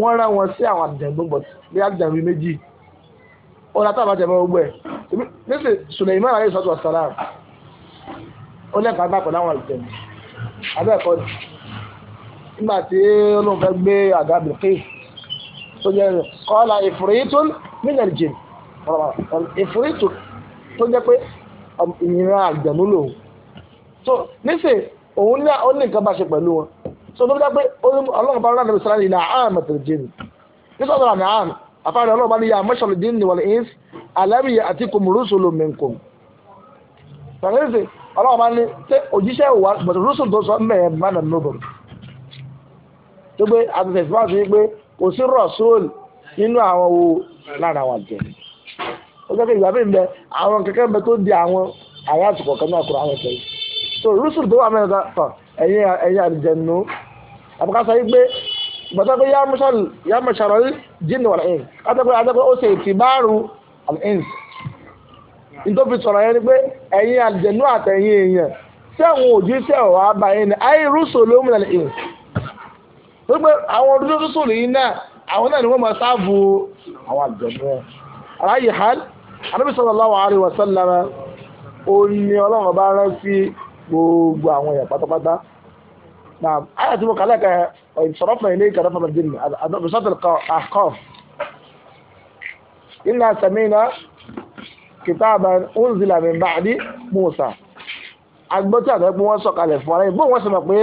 wọ́n rán wọn sí àwọn àdẹ̀gbò bọ̀ bí àdẹ̀gbò méjì ọ̀nà táwọn àti ẹ̀mọ́ gbogbo ẹ̀ nísì Suleiman alayhi sọ́tù wasalam ó lẹ́ka bá pẹ̀lú àwọn àdẹ̀gbò abẹ́ẹ̀kọ́ nígbà tí olóhùn fẹ́ gbé àga bìkíìsì tó jẹ́ rẹ̀ kọ́lá ìfúrítún minal jinn ìfúrítún tó jẹ́ pé um, ìnira àgbẹ̀nú lòun so nísìn òun ní ó ní nǹkan bá ṣe pẹ̀lú wọn so ló dá pé ọlọ́run bá rán àdàbẹ̀sẹ̀ láti ilà àmì àtẹ̀lẹ̀ jìn nítorí àmì àmì àfáàrẹ̀ ọlọ́run bá ní ya mashal jinni wal ins alam ya'tikum rusulun minkum pẹ̀lẹ́sì ọlọ́run bá ní ṣé òjíṣẹ́ wà bọ̀dọ̀ rúṣùlù pé kò sí rọ̀súl nínú àwọn wo lára àwọn àjẹ́ ó jẹ́ pé ìgbà mi ń bẹ àwọn kẹ̀kẹ́ ń bẹ tó di àwọn àwọn àsìkò kan náà kúrò àwọn kẹ̀kẹ́ so rúṣùl tó wà mẹ́rin tán ẹ̀yìn ẹ̀yìn àjẹnú àbúkásá yìí pé gbọ́dọ̀ pé yá mọ̀ṣàrọ̀ yìí jíìnì wà lẹ́yìn látọ̀pẹ́ àtọ́pẹ́ ó ṣe ìtìbáàrù àlẹ́yìn nítorí sọ̀rọ̀ yẹn ni pé ẹ̀yìn àjẹnú tó pé àwọn ọdún tó sùn nìyí náà àwọn náà ni wọ́n máa sáàbù àwọn àjọ̀dún ẹ̀ aláyè hàn anábì sallallahu alaihi wasallam ó ní ọlọ́run bá rán sí gbogbo àwọn èèyàn pátápátá náà ayé àti wọn kàlẹ́ ka ìsọ̀rọ̀fọ̀ ilé ìkàdá fún ọmọdé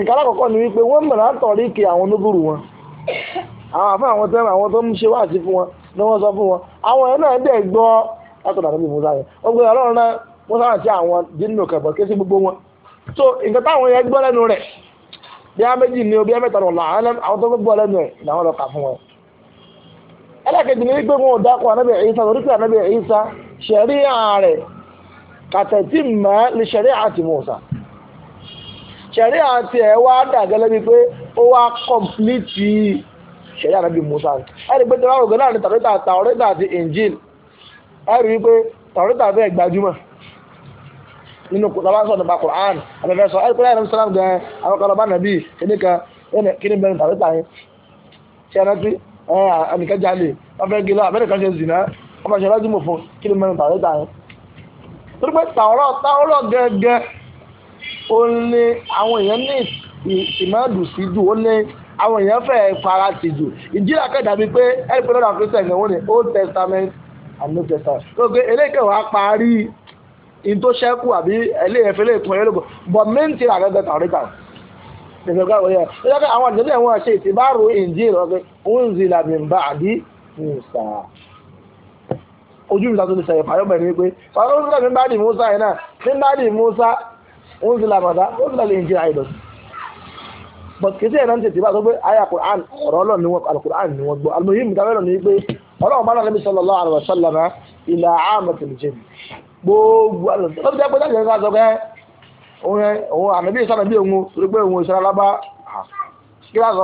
nǹkan alákọ̀ọ́kọ́ ni wípé wọ́n mọ̀nà àtọ̀rí kí àwọn oníbùrù wọn àwọn àfẹ́ àwọn tẹ́ àwọn tó ń ṣe wáàsí fún wọn ni wọ́n sọ fún wọn àwọn ẹ̀ náà dẹ̀ gbọ́ látọ̀dọ̀ àtọ́bí musa yẹn ó gbé ọlọ́run náà musa àti àwọn dínú kẹ̀bọ̀ ké sí gbogbo wọn so nǹkan táwọn yẹn gbọ́ lẹ́nu rẹ̀ bí a méjì ni obi ẹ̀mẹ́ta nọ̀la àwọn tó gbọ́ lẹ́nu rẹ̀ làwọn lọ kà fún wọn. ẹlẹ́kẹ̀jì ni wípé wọn ò dákọ̀ anábì Ìsá torí pé anábì Ìsá ṣẹ̀ríà rẹ̀ kàtẹ̀tì mọ́ lè ṣẹ̀ríà ti Mùsá ṣẹ̀rí àti ẹ̀ wá dàgẹ́lẹ́ bíi pé ó wá kọ́mpìlìtì ṣẹ̀rí ànábì Musa ẹni pé tẹ́lá ògùn náà ní tàwọ́rẹ́tà tàwọ́rẹ́tà àti Injil ẹ̀rí wípé tàwọ́rẹ́tà fẹ́ gbajúmọ̀ nínú kùtàbáṣọ nípa Quran àbẹ̀fẹ́sọ ẹ̀rí pé láìpẹ́ sọ́lá gan àwọn kan ọba nàbí kíníkan kíní bẹ́ẹ̀ tàwọ́rẹ́tà yẹn ṣe ẹ̀rántí ẹnìkan jalè wọ́n fẹ́ gé lọ àbẹ́nìkan ṣe zìnà wọ́n fẹ́ ṣe ó lé àwọn èèyàn ní ìmọ̀ọ́dù sí jù ó lé àwọn èèyàn fẹ́ para sí jù ìjìlá kẹta bíi pé ẹni pé lọ́dọ̀ Christian ni wọ́n ní Old Testament and New Testament tó gbé eléyìíkẹwàá parí in tó ṣẹ́kù àbí eléyẹ̀fẹ́ lè kún ẹlẹ́gbọ̀n but main thing àgẹ́gẹ́ tàwọn ìgbà ìgbàgbọ́ ìwòye ó yẹ kí àwọn àjọyọ̀ wọn ṣe ìtìbárò ìjì ìrọ̀gbẹ́ òun zì làmì ń bá àbí Musa ojú mi ta tó ti sẹ̀yìn fàyọ́bẹ̀ ni pé fàyọ́bẹ̀ ni bá dì Musa yẹn náà ní bá dì Musa unzila mada unzila lè jẹ́ àìdọ̀ but kìí sí ẹ̀rọ ní tètè bá sọ pé àyà quran ọ̀rọ̀ ọlọ́run ni wọ́n alukur'an ni wọ́n gbọ́ almuhim gabẹ́rọ ni pé ọlọ́run bá náà lẹ́bi sallallahu alaihi wasallam ila amatil jinn gbogbo alùsọ̀lọ́ lọ́bi jẹ́ pé láti ẹ̀ka sọ pé òun òun àmì ìsọ̀rọ̀ bí òun torí pé òun ìsọ̀rọ̀ alábá kí láti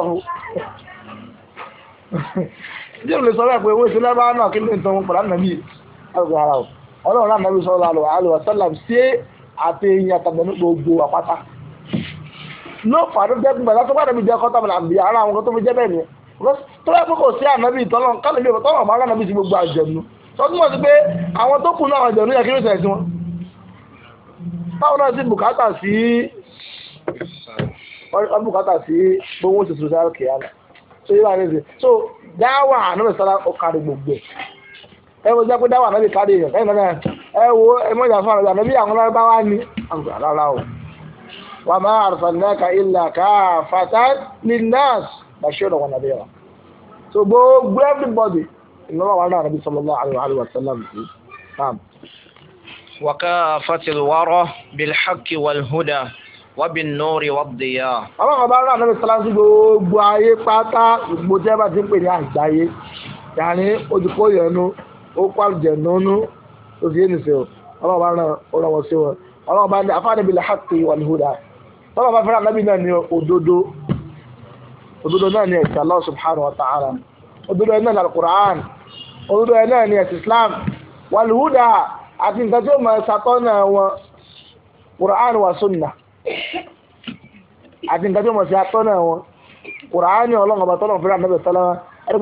sọ fún bí àti èyí àtàgbọ̀nú gbogbo àpáta ló fà á tó jẹ́ gbígbà tó bá dàbí jẹ́ kọ́tà mi làbí ara àwọn tó fi jẹ́ bẹ́ẹ̀ ni tó bá kókò sí ànábì tọ́lọ́ kálí bí tọ́lọ́ máa ránàbì sí gbogbo àjẹ̀nu tó túmọ̀ sí pé àwọn tó kù náà àjẹ̀nu yẹ kí ló sẹ̀sìn wọn táwọn náà sì bùkátà sí bùkátà sí gbogbo oṣù sọ́sọ́ kìíyàná so yíra ní ṣe so dáwà ànábì sára ọkàrí gbogbo ẹ̀ ẹ̀ wọ́n jẹ́ pé dáwà ẹ wo ẹ mọ̀ ìjà fún àrùn àbẹ́bí àwọn lọ́rọ́báwá ni rárá o wà má arsalnaka illa kafatan linnas bashiran wa nadira so gbogbo everybody ìnáwó àwọn ará àbí sallallahu alaihi wa sallam sí naam. وكافت الورى بالحق والهدى وبالنور والضياء àwọn ọba ará àbẹ́bí sọlá sí gbogbo ayé pátá gbogbo bá ti ń pè ní àgbáyé yàrá ojúkó yẹnu ó kó àlùjẹ̀ nínú ó sì yé nìṣẹ́ o ọlọ́run bá ràn ó ràn wọ́n sí wọn ọlọ́run bá ní afáàní bíi làhàkì wal huda tọ́lọ́ bá fẹ́ràn anábì náà ní òdodo òdodo náà ní ẹ̀sìn Allah subhanahu wa ta'ala òdodo ẹ̀ náà ní alukur'an òdodo ẹ̀ náà ní ẹ̀sìn Islam àti nǹkan tí ó máa ṣàtọ́ wọn qur'an wa sunna àti nǹkan tí ó máa ṣàtọ́ wọn qur'an ọlọ́run ọba tọ́lọ́run fẹ́ràn anábì sálá ẹni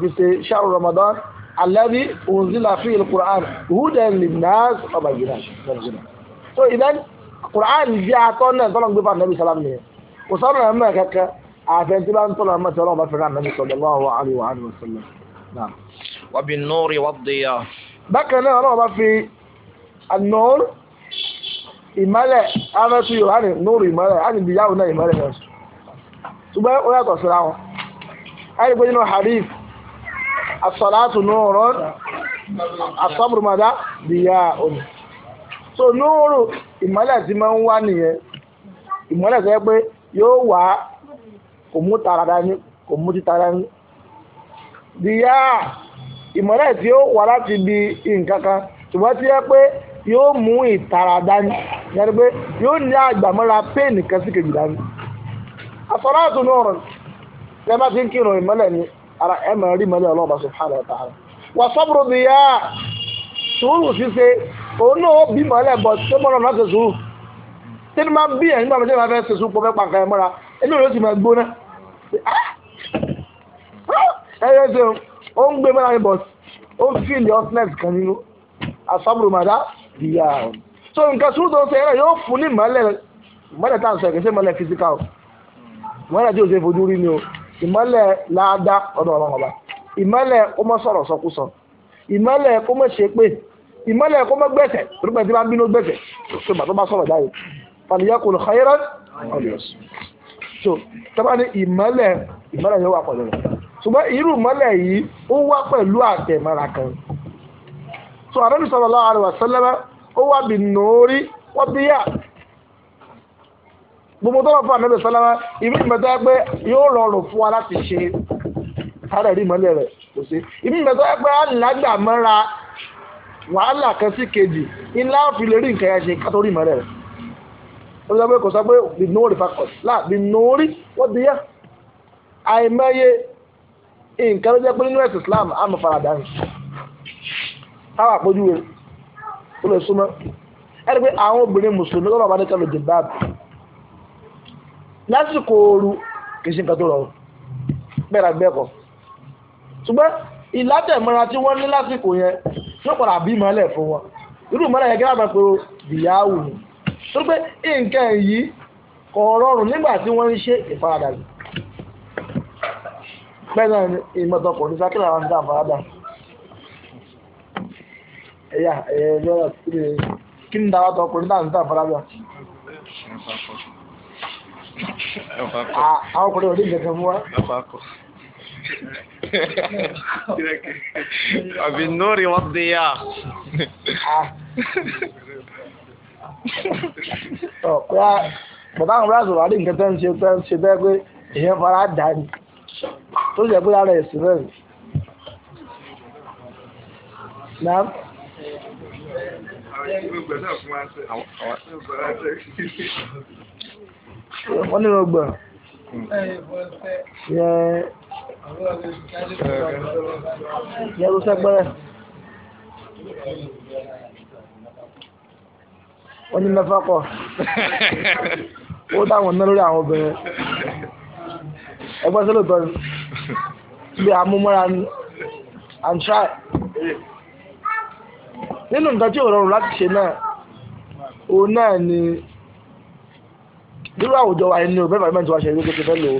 fi ṣe ṣáàrù Ramadan الذي أنزل فيه القرآن هدى للناس وبينات so idan Qur'an yìí atọ́ náà tọ́lọ́ gbé fún anabi salam nìyẹn kò sọ́nà ẹ̀ mẹ́ kẹ́kẹ́ àfẹ́ntì bá ń tọ́lọ́ ẹ̀ mẹ́ tọ́lọ́ ọba fẹ́ràn anabi sallallahu alaihi wa alihi wa sallam. wa bin nuri wa diya. bákan náà ọlọ́wọ́ bá fi anur ìmọ̀lẹ̀ amẹ́tú yóò hàn nuru ìmọ̀lẹ̀ hàn ìbíyàwó náà ìmọ̀lẹ̀ yẹn. ṣùgbọ́n ó yàtọ̀ síra wọn. ẹ̀rí pé nínú hadith as-salatu nurun as-sabru madha so nuru ìmọ́lẹ̀ tí máa ń wá nìyẹn yẹ pé yóò wá kò mú tara dání kò mú títa dání dìyà ti tí ó wà láti ibi kan ṣùgbọ́n tí yẹ pé yóò mú ìtara dání yẹn pé yóò ní àgbàmọ́ra dání ọ̀rọ̀ ti ara ẹ máa rí mọ́lẹ̀ ọlọ́ọ̀bá subhanahu wa ta'ala wà sọ́bùrù bí yá sùúrù ṣíṣe òun náà bí mọ́lẹ̀ bọ̀ tó mọ́lẹ̀ náà ṣe sùúrù tí ni máa bí ẹ̀yìn gbàmọ́tí máa fẹ́ ṣe sùúrù pọ̀fẹ́ pàǹkà ẹ̀ mọ́ra inú rẹ̀ sì máa gbóná ah! ẹ̀yẹ ṣe ó ń gbé mọ́lẹ̀ bọ̀ ó ń fíìlì ọ́sínẹ́t kan nínú àsọ́bùrù màdá bí yá so nǹkan sùúrù tó ń ṣe yóò fún ní mọ́lẹ̀ mọ́lẹ̀ tá à ń sọ ìkẹsẹ̀ mọ́lẹ̀ físíkà mọ́lẹ̀ tí ò ìmọ́lẹ̀ láàdá ọ̀dọ̀ ọlọ́run ọba ìmọ́lẹ̀ kó mọ́ sọ̀rọ̀ sọkúsọ ìmọ́lẹ̀ kó mọ́ ṣe pé ìmọ́lẹ̀ kó mọ́ gbẹ̀tẹ̀ torípẹ̀ tí bá ń bínú gbẹ̀tẹ̀ tó bá tó bá sọ̀rọ̀ jáde falyaqul khayran so tọ́ba ní ìmọ́lẹ̀ ìmọ́lẹ̀ yóò wà pẹ̀lú rẹ̀ ṣùgbọ́n irú ìmọ́lẹ̀ yìí ó wá pẹ̀lú àtẹ̀mọ́ra kan so àrẹ́bí sallallahu alaihi ó wá bin nuri wa diya gbogbo tó lọ fún àmì ìsọlára ìmí ìmẹ̀tọ́ pé yóò rọrùn fún wa láti ṣe sára ìrí ìmọ̀lẹ̀ rẹ̀ kò sí ìmí ìmẹ̀tọ́ pé alágbà mọ́ra wàhálà kan sí kejì ńlá fi lè rí nǹkan yẹn ṣe ká tó rí ìmọ̀lẹ̀ rẹ̀ ó sọ pé kò sọ pé bí nù rí fakọ̀ láà bí nù rí wọ́n di àìmọye nǹkan ló jẹ́ pé nínú ẹ̀sìn Islam á mọ̀ faradà ni táwọn àpójúwe ó lè súnmọ́ ẹni pé àwọn obìnrin mùsùlùmí lọ́nà ọ̀bá lásìkò ooru kì í ṣe nǹkan tó rọrùn bẹ́ẹ̀rẹ̀ gbẹ́kọ̀ ṣùgbọ́n ìlàtẹ̀mọ́ra tí wọ́n ní lásìkò yẹn yóò padà bí ìmọ̀lẹ̀ fún wọn irú ìmọ̀lẹ̀ yẹn kí wọ́n máa pe ìyáwó ni tó pé nǹkan yìí kò rọrùn nígbà tí wọ́n ń ṣe ìfaradà yìí bẹ́ẹ̀ náà ni ìmọ̀tàn kò ní sákìlà wọn dá àfaradà ẹ̀yà ẹ̀yà ẹ̀yà kí ni dáwọ́ tọkùnrin dáhùn àwọn ọkùnrin òní ìgbẹ̀gbẹ̀ mú wa. àbí nóòrì wọn ti yá. ọ̀pẹ́ bàbá àwọn bíláàsì wà ní nǹkan tó ń ṣe tó ń ṣe bẹ́ẹ̀ pé èèyàn fara dà ní tó jẹ́ pé ara ẹ̀sìn náà ni wọ́n ní ọgbà yẹ ló sẹ́gbẹ́rẹ́ wọ́n ní mẹ́fà kọ́ ó dáwọn náà lórí àwọn obìnrin ẹgbẹ́ sílò tọ́ni bí amúmọ́ra and try nínú nǹkan tí ò rọrùn láti ṣe náà òun náà ni nírú àwùjọ wa ẹni o bẹ́ẹ̀ pàmẹ́ntì wa ṣe ìwé kékeré fẹ́ lò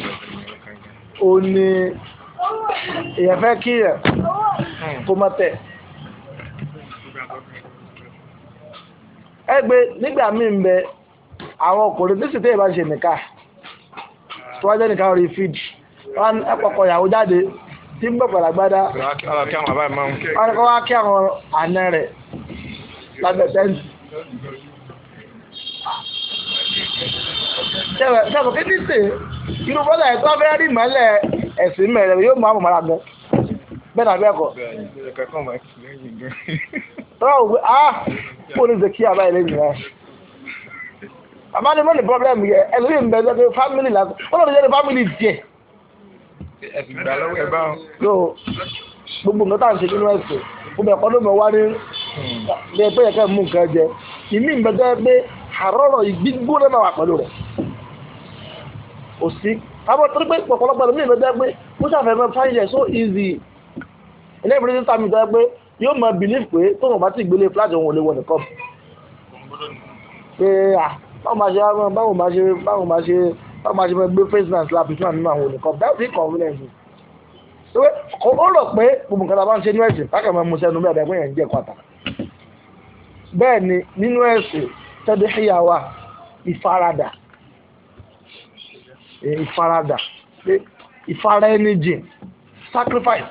ó ní èèyàn fẹ́ kí yẹn kó má tẹ̀. ẹ gbé nígbà míì ń bẹ àwọn ọkùnrin ní sìtẹ́ ìbá ṣe nìka tó wájú nìka rí fíd wọn ẹ kọ́kọ́ ìyàwó jáde tí ń bọ̀ pàlàgbádá wọn kọ́ wá kí àwọn àna rẹ̀ lábẹ́ tẹ́ǹtì. ṣẹ́wọ̀n kí ní sè irú bọ́dà yẹn tó fẹ́ rí mọ́lẹ̀ ẹ̀sìn mẹ́rẹ̀ yóò mú àwọn mọ́ra gan bẹ́ẹ̀ náà bẹ́ẹ̀ kọ́. tọ́wọ́ wò ah kó o ní ṣe kí àbá ilé yìí rẹ̀ àmọ́ ni wọ́n ní problem yẹ ẹlòmíì ń bẹ lọ́dọ̀ family la wọ́n lọ́dọ̀ yẹ́nu family jẹ. ẹ̀sìn ìgbà lọ́wọ́ ẹ̀ bá wọn. yóò gbogbo nǹkan tá à ń ṣe nínú ẹ̀sìn gbogbo ẹ̀kọ́ ló mọ̀ wá ní hmm. bí ẹ pé ẹ̀kẹ́ mú nǹkan jẹ ìmí ń bẹ jẹ́ pé àrọ́rọ̀ ìgbígbóná náà wà pẹ̀lú rẹ̀ kò sí àwọn tó pé pọ̀pọ̀lọpọ̀ ẹ̀rọ mìíràn dẹ́ pé ó ṣàfẹ́ mọ́ fáyẹ̀ so easy ilé ìfúnni títà mi dẹ́ pé yóò mọ believe pé tó wọn bá ti gbélé flag òun ò lè wọ nìkan pé à báwo máa ṣe báwo máa ṣe báwo máa ṣe báwo máa ṣe máa gbé face mask lápì fún àmì àwọn ònìkan bẹ́ẹ̀ bí convenience pé ó rò pé gbogbo nǹkan tá a bá ń ṣe nínú ẹ̀sìn káàkiri máa mú sẹ́nu bẹ́ẹ̀ bẹ́ẹ̀ yẹn ń jẹ́ pátá bẹ́ẹ̀ ni ìfaradà Eh, ìfaradà ìfara ẹni jìn sacrifice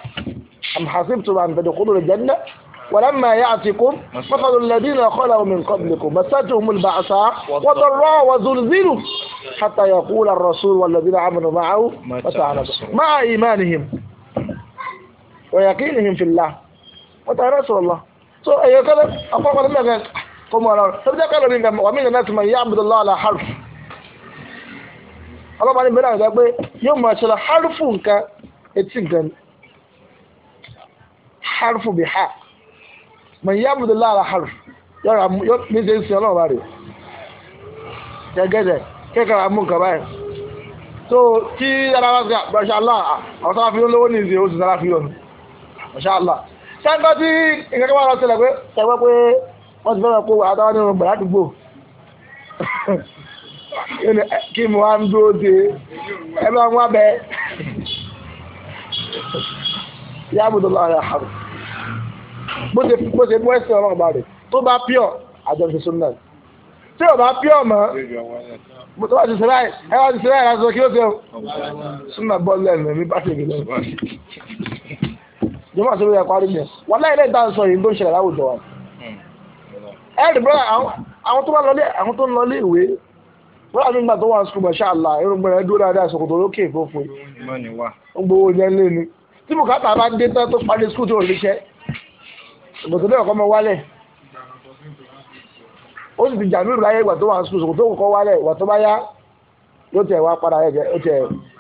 am hasibtum an tadkhulul janna ولما يعطيكم مثل الذين خلوا من قبلكم مستهم البعثاء وضراء وزلزلوا حتى يقول الرسول والذين عملوا معه مع إيمانهم ويقينهم في الله وتعالى رسول الله so أيها كذا أقول لك قم ومن الناس من يعبد الله على حرف ọlọ́ba ní mẹ́rin àgbà pé yóò máa ṣẹlẹ̀ harufu nǹkan etí nǹkan ni harufu bi ha mọ̀ ìyá àbùdó lára harufu yọ̀rọ̀ mi ṣe ń sin ọlọ́ba rẹ̀ gẹ́gẹ́dẹ̀ kẹ́kẹ́ ra nǹkan báyìí so tí ara wa gbà mashallah ọ̀sán àfihàn lówó ní ìsìn oṣù sára fihàn mashallah sẹ́ńtọ́ tí nǹkan kan wà lọ sílẹ̀ pé sẹ́ńtọ́ pé wọ́n ti fẹ́ràn kí mo wá ń dúró de ẹ bá wá bẹ yábùdó lọ́rọ̀ àrùn bó ṣe bó ṣe bó ẹsẹ̀ ọlọ́run bá rẹ̀ tó bá pure àjọṣe sunna tí ò bá pure mọ́ mo tó bá ti sẹ́ráì ẹ bá ti sẹ́ráì láti sọ kí ó ṣe sunna bọ́ lẹ́nu mi bá tèmi lẹ́nu. jọmọ àti olóyè parí mi wọn láyé lẹ́yìn dáhùn sọ yìí tó ń ṣẹlẹ̀ láwùjọ wa. ẹ̀rì bọ́lá àwọn tó ń lọ lé ìwé wọ́n àmì ìgbà tó wà ní sùkúl masha Allah irun gbẹ̀rẹ̀ dúró dáadáa ṣòkòtò lókè fòfò ń gbowó yẹn lé ni tí bùkátà bá dé tán tó parí sùkúl tó rí iṣẹ́ ṣòkòtò náà kọ́ mọ wálẹ̀ ó sì ti jàmí ìrù ayé ìgbà tó wà ní sùkúl ṣòkòtò kọ́ wálẹ̀ ìgbà tó bá yá yóò tẹ̀ wá padà yẹ yóò tẹ̀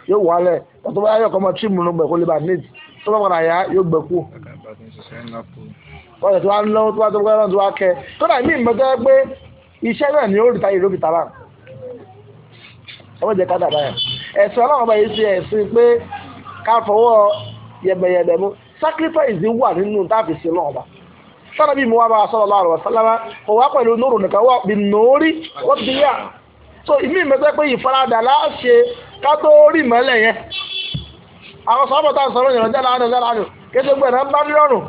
yóò wálẹ̀ ìgbà tó bá yá yóò kọ́ mọ tíìmù ló gbẹ̀ kó lè bá níìtì tó bá padà yá yóò gbẹ̀ kú wọ́n pé iṣẹ́ náà ni ó rí táyé lókè ẹ wọ́n jẹ́ ká dàbà yẹn ẹ̀sìn ọlọ́run bá yìí ṣe ẹ̀sìn pé ká fọwọ́ yẹ̀bẹ̀yẹ̀bẹ̀ mú sacrifice wà nínú táàfì náà ọlọ́run bá bíi mo wá bá sallallahu alaihi wasallam kò wá pẹ̀lú nóòrò nìkan bí so ìmí ìmẹ́sẹ́ pé ìfaradà láṣe ká tó rí mọ́lẹ̀ yẹn àwọn a yẹn lọ́jà láàánú kéde bá nírọ̀rùn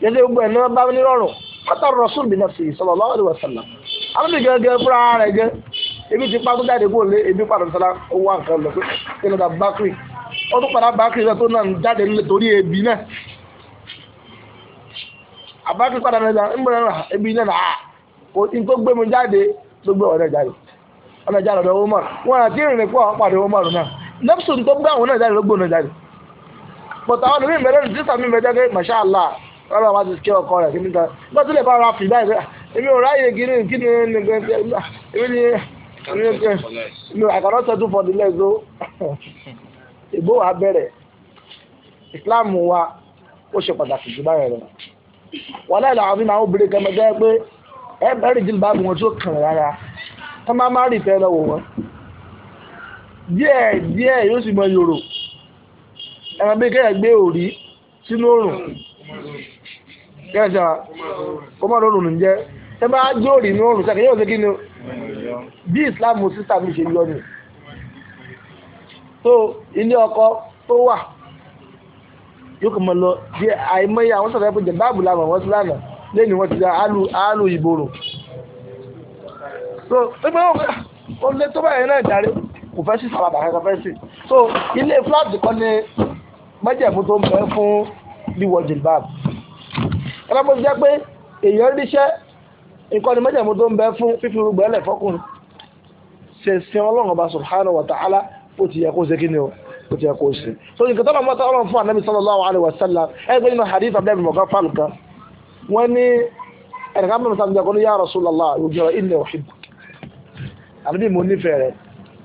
kéde bá nírọ̀rùn alábì gẹ́gẹ́ fúnra rẹ̀ gẹ́ ebi ti pa jáde kúrò lé ebi padà sọlá owó àǹkan lọ Bakri ọ ló Bakri ó tún padà bákìrì tó náà ebi náà àbákìrì padà náà ń bẹ̀rẹ̀ rà ebi náà nà ah, kò tí tó gbé jáde tó gbé jáde ọ̀nà jáde ọ̀dọ̀ owó wọn àti ìrìn pàdé owó náà nẹ́pùsùn tó gbé àwọn náà jáde ló jáde pọ̀tà ní sísà mi mẹ́jọ́ ti ọkọ rẹ̀ kí èmi ò ráyè gírí kíni nìkan tẹ èmi ni èmi nìkan no I cannot settle for the less o ìbò wa bẹ̀rẹ̀ Islam wa ó ṣe pàtàkì jù báyẹn lọ wàhálà ìlànà àwọn àwọn obìnrin kan máa jẹ́ pé ẹ bẹ̀rẹ̀ jìlù báàbù wọn tí ó kàn rárá tó máa má rí ìfẹ́ lọ́wọ́ wọn díẹ̀ díẹ̀ yóò sì mọ yòrò ẹran bí kẹ́yà gbé òrí sínú òrùn kẹ́yà sà kó má lórùn ń jẹ́ tẹ bá jóòrì ní oòrùn sẹ́kẹ̀ yóò ṣe kí ni bí islam sísá mi ṣe yọ ni tó ilé ọkọ tó wà yóò kàn mọ lọ bí àìmọye àwọn sọ̀rọ̀ ẹ̀pẹ̀jẹ̀ báàbù làwọn wọn sí lánàá lẹ́yìn wọn ti da alu alu ìbòrò so pípẹ́ wọn kò lè tó báyìí náà jàre kò fẹ́ sí sàlàbà kankan fẹ́ sí so ilé flat kan ní májẹ̀mú tó ń bẹ fún wíwọ̀ jìlbáàbù ẹ bá bó ti jẹ́ pé èèyàn ríṣẹ́ nǹkan ni májẹ̀mú tó ń bẹ fún fífi rúgbẹ́ lẹ̀ fọ́kùnrin ṣe sin ọlọ́run ọba subhanahu wa ta'ala ó ti yẹ kó ṣe kí ni ó ti yẹ kó ṣe. so nǹkan tó bá mọ́ta ọlọ́run fún anabi sallallahu alayhi wa sallam ẹgbẹ́ nínú hadith abdul mọ̀gá fáàlù kan wọ́n ní ẹ̀ka mẹ́rin sáà ń ní ya rasulallah òjò ilẹ̀ òhìn àbí mo nífẹ̀ẹ́ rẹ̀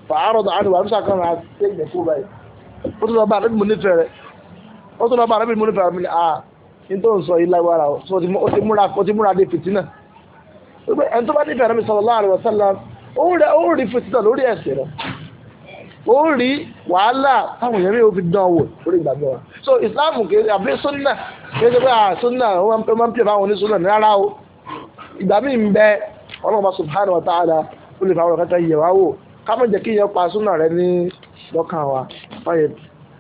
fàárọ̀ tó àdìwà àbúṣà kan rà sí ẹ̀yẹ̀ kú báyìí ó tún lọ bá àbí mo nífẹ̀ẹ́ rẹ̀ ó tún lọ bá àbí mo nífẹ̀ẹ́ rẹ̀ mi pé ẹni tó bá nífẹ̀ẹ́ Ànábì sallallahu alaihi wasallam ó rí fìtínà lórí ẹ̀sìn rẹ̀ ó rí wàhálà táwọn èèyàn yóò fi dán wò lórí ìgbàgbọ́ wa so Islam kìí àbí sunna kìí ṣe pé à sunna ó máa ń pè fáwọn onísunna rárá o ìgbà míì ń bẹ ọlọ́mọba subhanahu wa ta'ala ó lè fáwọn ọ̀kẹ́kẹ́ yẹ̀ wá wò ká má jẹ́ kí yẹn pa sunna rẹ̀ ní lọ́kàn wa báyẹn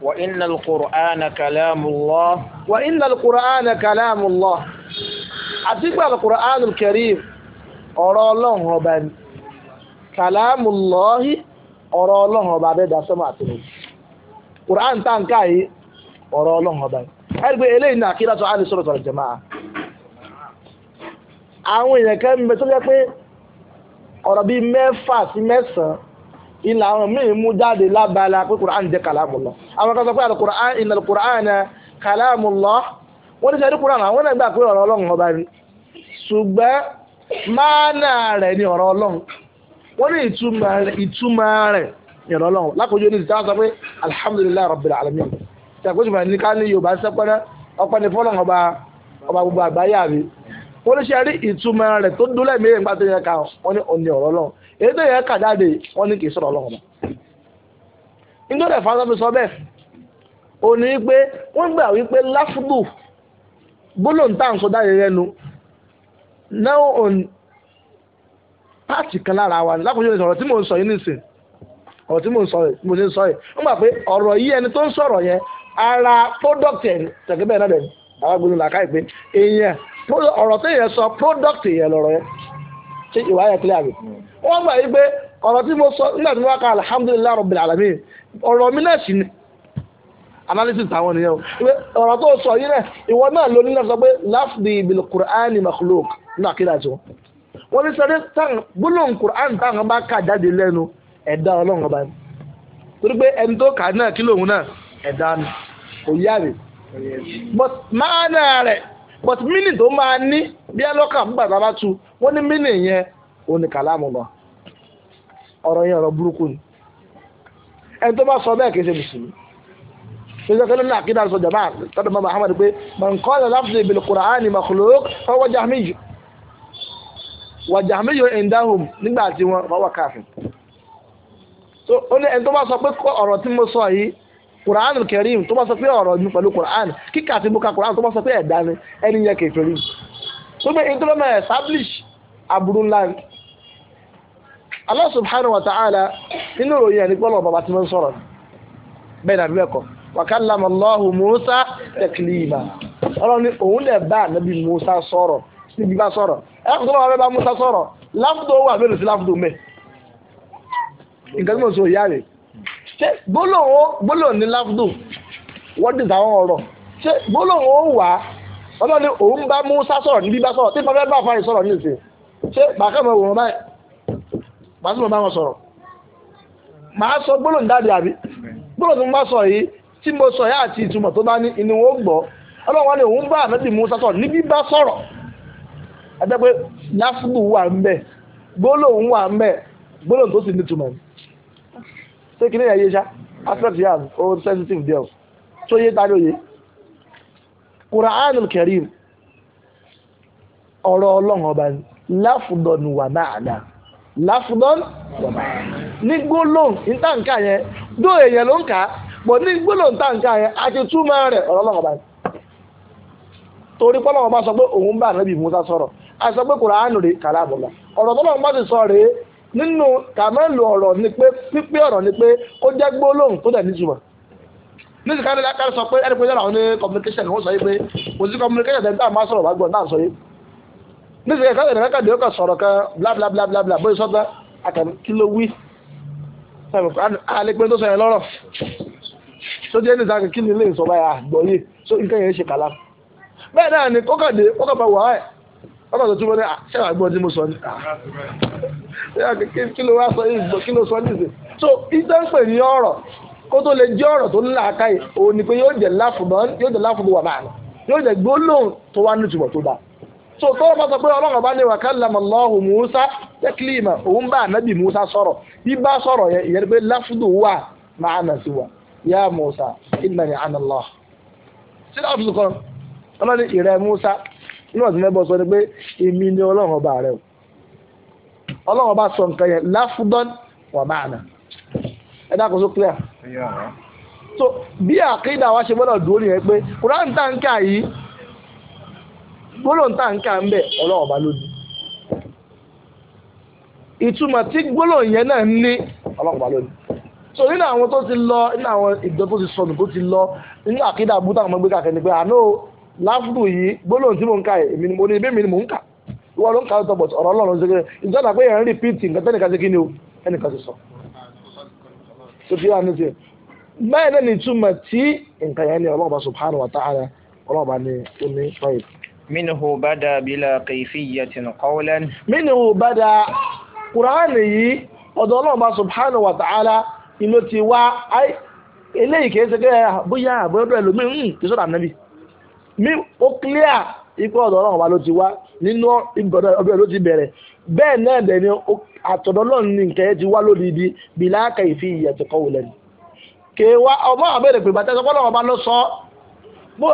وإن القرآن كلام الله وإن القرآن كلام الله أتقبل القرآن الكريم ọ̀rọ̀ ọlọ́run ọba kàlámù lọ́ọ́hí ọ̀rọ̀ ọlọ́run ọba abẹ́dà sọ́mọ́ àti tá n ká ọ̀rọ̀ ọlọ́run ọba ẹni pé eléyìí ní àkídà á lè sọ̀rọ̀ sọ̀rọ̀ kpe àwọn èèyàn kan ń bẹ tó jẹ́ pé ọ̀rọ̀ bíi mẹ́fà sí mẹ́sàn-án ilà àwọn míì mú jáde lábala pé jẹ́ kàlámù lọ àwọn kan sọ pé kàlámù lọ wọ́n máànà rẹ̀ ni ọ̀rọ̀ ọlọ́run wọ́n ní ìtumọ̀ rẹ̀ ni ọ̀rọ̀ ọlọ́run lákòójú ní ìta pé alhamdulilayi rabbil alamin ṣàkóso ìmọ̀ ní ká ní yorùbá sẹ́pẹ́rẹ́ ọpẹ́ ní fọ́lọ́n ọba ọba gbogbo àgbáyé àbí wọ́n ní ṣe rí ìtumọ̀ rẹ̀ tó dúró lẹ́mìíràn nípa tó yẹ ká wọ́n ní òní ọ̀rọ̀ ọlọ́run èyí tó yẹ ká jáde wọ́n ní kì í sọ̀rọ̀ ọlọ́run ọba nítorí ẹ̀fọ́ sọ́mi sọ bẹ́ẹ̀ òní pé wọ́n gbà náà pààtì kan lára wa lákòókò tí sọ yìí nìsín ọ̀rọ̀ tí mò ń sọ yìí mo ti ń sọ yìí wọ́n gbà pé ọ̀rọ̀ yìí ẹni tó ń sọ̀rọ̀ yẹn ara product ẹ̀ tẹ̀gẹ́ bẹ́ẹ̀ náà dẹ̀ àwọn gbogbo èèyàn sọ product yẹn lọ̀rọ̀ yẹn ṣé ìwà yẹn hmm. wọ́n gbà yìí pé ọ̀rọ̀ mo sọ nígbà tí mo wá alhamdulilayi ọ̀rọ̀ mi analysis àwọn nìyẹn o ọ̀rọ̀ tó sọ yìí rẹ̀ ìwọ náà ló ní láti sọ pé láfdì bil qur'an makhluk nínú àkídà tí wọn. wọ́n ní sọ́dẹ́ tán gbólóhùn qur'an táwọn bá kà jáde lẹ́nu ẹ̀dá ọlọ́run ọba ni torí pé ẹni tó kà náà kí lòun náà ẹ̀dá ni kò yá rè but máa náà rẹ̀ but mini tó máa ní bí ẹlọ́kà fún bàbá bá tu wọ́n ní mini yẹn òun ni kàlámù lọ ọ̀rọ̀ yẹn ọ̀rọ̀ burúkú ni ẹni tó bá sọ bẹ́ẹ̀ kì í ṣe mùsùlùmí ṣèṣe kí ló ní àkídà sọ jàmá tọ́dọ̀ mọ́ Muhammad pé man qala lafzi bil Qur'ani makhluq fahuwa jahmiyyu wa jahmiyyu indahum nígbà tí wọ́n fahuwa kafir. so ó ní ẹni tó bá sọ pé ọ̀rọ̀ tí mo sọ yìí Qur'anul Karim tó bá sọ pé ọ̀rọ̀ mi pẹ̀lú Qur'an kíkà tí mo ka Qur'an tó bá sọ pé ẹ̀dá ni ẹni yẹn kèfèrí tó gbé ìtọ́lọ́mọ̀ establish aburú ńlá ni Allah subhanahu wa nínú ìròyìn ẹni pọ́lọ̀ bàbá tí wọ́n sọ̀rọ̀ bẹ́ẹ̀ ni àbí bẹ́ẹ̀ kọ́ wàkàlámà lọ́hùn Musa tẹ̀kìlìmà ọlọ́run ní òun lè bá ànábì Musa sọ̀rọ̀ níbi bá sọ̀rọ̀ ẹ̀ kò sọ́nà wà bẹ́ẹ̀ bá Musa sọ̀rọ̀ láfùdó wà bẹ́ẹ̀ lòsí láfùdó mẹ́ nǹkan tí mo sọ ìyá rẹ̀ ṣé gbólóhùn ní láfùdó wọ́n dì sáwọn ọ̀rọ̀ ṣé gbólóhùn ó wà ọlọ́run ní òun bá Musa sọ̀rọ̀ níbi bá sọ̀rọ̀ tí fẹ́ẹ́ tí mo bá sọ yìí tí mo sọ yá àti ìtumọ̀ tó bá ní inú wọn gbọ́ ọlọ́run wa ni òun bá Musa sọ níbí bá sọ̀rọ̀ ẹgbẹ́ pé wà ń bẹ̀ gbólóhùn wà ń bẹ̀ tó sì nítumọ̀ ni ṣé kí ni ẹ̀yẹ ṣá aspect yam o sensitive deal tó yé tani òye ọrọ Karim ọ̀rọ̀ ọlọ́run ọba ni wà wà ní pọ̀ ní gbólóhùn táǹkà yẹn àti túmọ̀ rẹ̀ ọ̀rọ̀ ọlọ́run ọba torí pọ́lọ́wọ́ bá sọ pé òun bá ànábì Musa sọ̀rọ̀ a sọ pé Kùránù rè kàlá àbọ̀lá ọ̀rọ̀ tọ́lọ́wọ́ bá ti sọ rèé nínú kàmẹ́lù ọ̀rọ̀ ni pé pípé ọ̀rọ̀ ni pé ó jẹ́ gbólóhùn tó dẹ̀ nítumọ̀ níbi ká nílá kárí sọ pé ẹni pé yàrá òun ní communication wọ́n sọ yìí pé kò sí communication tẹ̀ ń tà máa sọ̀rọ̀ wá gbọ́n náà sọ yìí níbi ká ẹ̀rọ kẹ́kẹ́ dé ọkọ̀ sọ̀rọ̀ kan bla bla bla bla bla bóyá sọ́gbà àtàkì kí ló wí alẹ́ pé tó sọ yẹn lọ́rọ̀ so jẹ́ nígbà kí ni ilé ìsọ̀bá yà gbọ́yé so nǹkan yẹn ṣe kàlá bẹ́ẹ̀ náà ni kọ́kàdé kọ́kàdé wà á ọ̀rọ̀ tó túbọ̀ ní ah, ṣẹ́wà gbọ́ tí mo sọ ní ah. kí ló wá sọ yìí kí ló sọ níṣẹ́ so ìtàn pè ní ọ̀rọ̀ kó tó lè jẹ́ ọ̀rọ̀ tó ńlá aka yìí òun ni pé yóò jẹ́ láfùdán yóò jẹ́ láfùdán wà máa yóò jẹ́ gbólóhùn tó wá ní ìtumọ̀ tó dáa so tó bá sọ pé ọlọ́run bá ní wa kallama Allahu Musa taklima òun bá ànábì Musa sọ̀rọ̀ bí bá sọ̀rọ̀ yẹn ìyẹn pé láfùdán wà máa nà sí wa yá Musa ìmẹ̀ni ànàlọ́ sílẹ̀ ọ̀fíìsì kan ọlọ́ni ìrẹ́ Musa inú ọ̀sìn mẹ́bọ̀ sọ ni pé èmi ni ọlọ́run ọba rẹ o ọlọ́run ọba sọ nǹkan yẹn láfúdán wà máa nà ẹ dákun só clear so bí àkídà wa ṣe gbọ́dọ̀ dúró nìyẹn pé Quran tá n kà yìí gbólóhùn tá n ń bẹ̀ ọlọ́run ọba ló ìtumọ̀ tí gbólóhùn yẹn náà ní ọlọ́run ọba ló so nínú àwọn tó ti lọ nínú àwọn ìjọ tó ti sọnù tó ti lọ nínú àkídà bútà àwọn ọmọ gbé kàkẹ́ ni pé àná láfùdù yìí gbólóhùn tí mò ń ka èmi ni mo ní ebí mi ni mò ń kà ìwọ ló ń ka ọ̀tọ̀ bọ̀t ọ̀rọ̀ ọlọ́run ṣe kéré ìjọba pé yẹn ń rìpíìtì nǹkan tẹ́nìkan ṣe kí ni o ẹnìkan ṣe sọ. tó fi hàn ní tiẹ̀ báyìí náà ní ìtumọ̀ tí nǹkan yẹn ni ọlọ́ọ̀bá subhanahu wa ta'ala ọlọ́ọ̀bá ni ó ní fáyìí. minhu bada bila kayfiyatin qawlan. minhu bada kuraani yìí ọ̀dọ̀ ọlọ́ọ̀bá subhanahu wa ta'ala ìlò ti wá eléyìí kìí ṣe kẹ́ẹ̀ bóyá àbúrò ẹlòmíì kìí sọ̀rọ̀ ànábì mi ó clear ikú ọ̀dọ̀ ọlọ́run wa ló ti wá nínú ìgbọ̀dọ̀ ọbẹ̀ ló ti bẹ̀rẹ̀ bẹ́ẹ̀ náà ni àtọ̀dọ̀ ọlọ́run ní nǹkan ti wá lódìdí bìlà kẹ̀yìfì ìyàtọ̀ kọ́wò lẹ́nu. kèé wá ọmọ àbẹ̀rẹ̀ pé bàtà sọpọ́ ọlọ́run ló sọ bó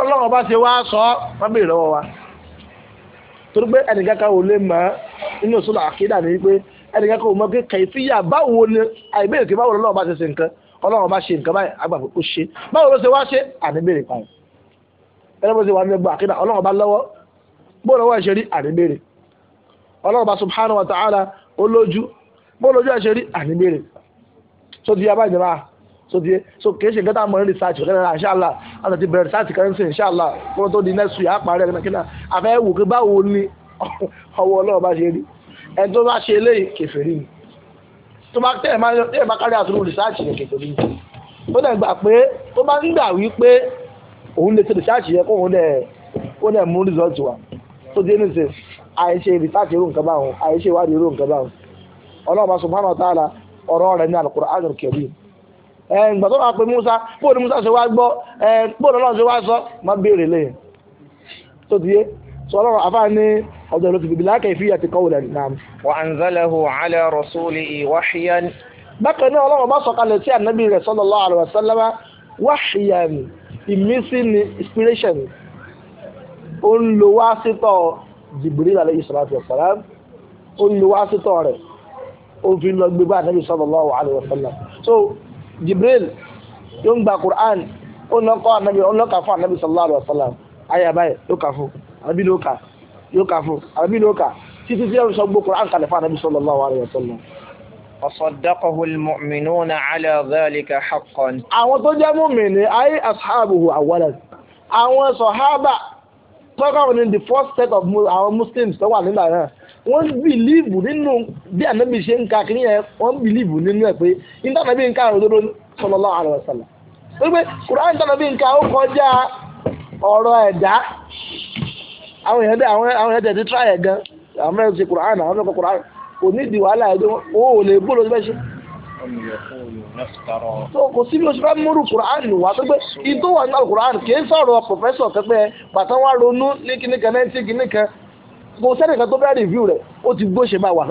ẹnìkan kò mọ pé kẹ̀yìfíyà báwo ni àìbéèrè kí báwo lọ́wọ́ bá ṣe ṣe nǹkan ọlọ́wọ́ bá ṣe nǹkan báyìí àgbà pé ó ṣe báwo ló ṣe wá ṣe àníbèrè pààyàn ẹni bó ṣe wà ní ẹgbẹ́ àkídà ọlọ́wọ́ bá lọ́wọ́ bó lọ́wọ́ ẹ̀ ṣe rí àníbèrè ọlọ́wọ́ bá subhanahu wa ta'ala ó lójú bó lójú ẹ̀ ṣe rí àníbèrè tó di abá ìjọba tó di so kì í ṣe nǹkan tá a mọ̀ ní research ọ̀kẹ́ náà ṣáàlà àti ti bẹ̀rẹ̀ research kan sí ṣáàlà kó tó di next week àpárẹ̀ kí náà àfẹ́ wò pé báwo ni ọwọ́ ọlọ́wọ́ bá ṣe rí ẹni tó bá ṣe eléyìí kèfèrí ni tó bá bá kárí àtúrò rìsáàcì yẹn ni ó gbà pé tó bá ń gbà wí pé òun lè ṣe rìsáàcì yẹn kó òun mú rìsọ́ọ̀tì wa tó dé ní sè àìṣe rìsáàcì irú nǹkan báwọn àìṣe ìwádìí irú nǹkan báwọn ọlọ́ọ̀bá subhanahu wa ta'ala ọ̀rọ̀ rẹ̀ ní al sọlọ́rọ̀ afáà ní ọ̀dọ̀ ló ti bìbí láàkẹ́ ìfìyà ti kọ́wò lẹ́nu náà. wa anzalahu ala rasulihi wahyan. bákan náà ọlọ́run bá sọ̀kalẹ̀ sí ànábì rẹ̀ sallallahu alaihi wasallam ìmísí ni inspiration ó ń lo wá sítọ̀ Jibril alayhi salatu wassalam ó ń lo wá sítọ̀ rẹ̀ ó fi lọ gbé bá ànábì sallallahu alaihi so Jibril yóò ń gba Qur'an ó ń lọ́kọ̀ ànábì ó ń lọ́kà fún ànábì sallallahu alaihi wasallam àbí ló kà yóò kà fún àbí ló kà títí tí ẹ̀rù sọ gbó Kùránì kalẹ̀ fún ànábì sallallahu alaihi wasallam. وصدقه المؤمنون على ذلك حقا àwọn tó jẹ́ mùmínì ayé ashabuhu awalan àwọn sàhábà tọ́kọ̀ ní the first set of our muslims tó wà nígbà náà wọ́n bìlíìbù nínú bí ànábì ṣe ń ka kí nìyẹn wọ́n bìlíìbù nínú ẹ̀ pé ìtànàbí nǹkan òdodo sallallahu alaihi wasallam wípé kùrán ìtànàbí nǹkan àwọn èèyàn dẹ àwọn àwọn èèyàn ti tíráyẹ gan àwọn mẹ́rin ti Quran, àwọn mẹ́rin kọ kùrán kò ní ìdí wàhálà ẹjọ́ wọn ò lè gbọ́dọ̀ bẹ ṣe. tó kò sí bí o ṣe fẹ́ múrù kùrán wá pé pé ìtò wà nínú kùrán kì í sọ̀rọ̀ pòfẹ́sọ̀ pẹ́pẹ́ pàtó wá ronú ní kíníkan náà ti kíníkan kò sẹ́nìkan tó fẹ́ rìvíw rẹ̀ ó ti gbó ṣe máa wà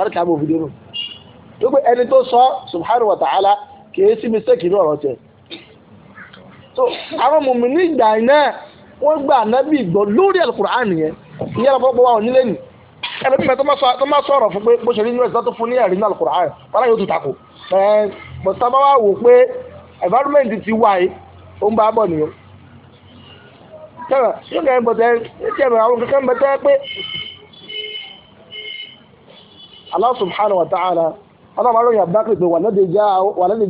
sọ subhanahu wa ta'ala kì í sí mistake ní ọ̀rọ̀ tiẹ̀ na àwọn mùmí nígbà náà wọ́n ìyá ọ̀pọ̀lọpọ̀ wa ò nílé nì ẹni bí mẹ́tọ́ máa sọ̀rọ̀ fún pé bó ṣe rí us tó fún ní ẹ̀rí náà kúrò ààrẹ wọn yóò tún takò ẹ̀ bọ̀tà bá wà wò pé environment ti wà yìí ó ń bá bọ̀ nìyó tẹ́lẹ̀ yóò kẹ́ bọ̀tẹ́ tẹ́lẹ̀ àwọn kankan bẹ̀tẹ́ pé Allah subhanahu wa ta'ala ọlọ́run máa ń ròyìn àbúrákì pé wàlẹ́dì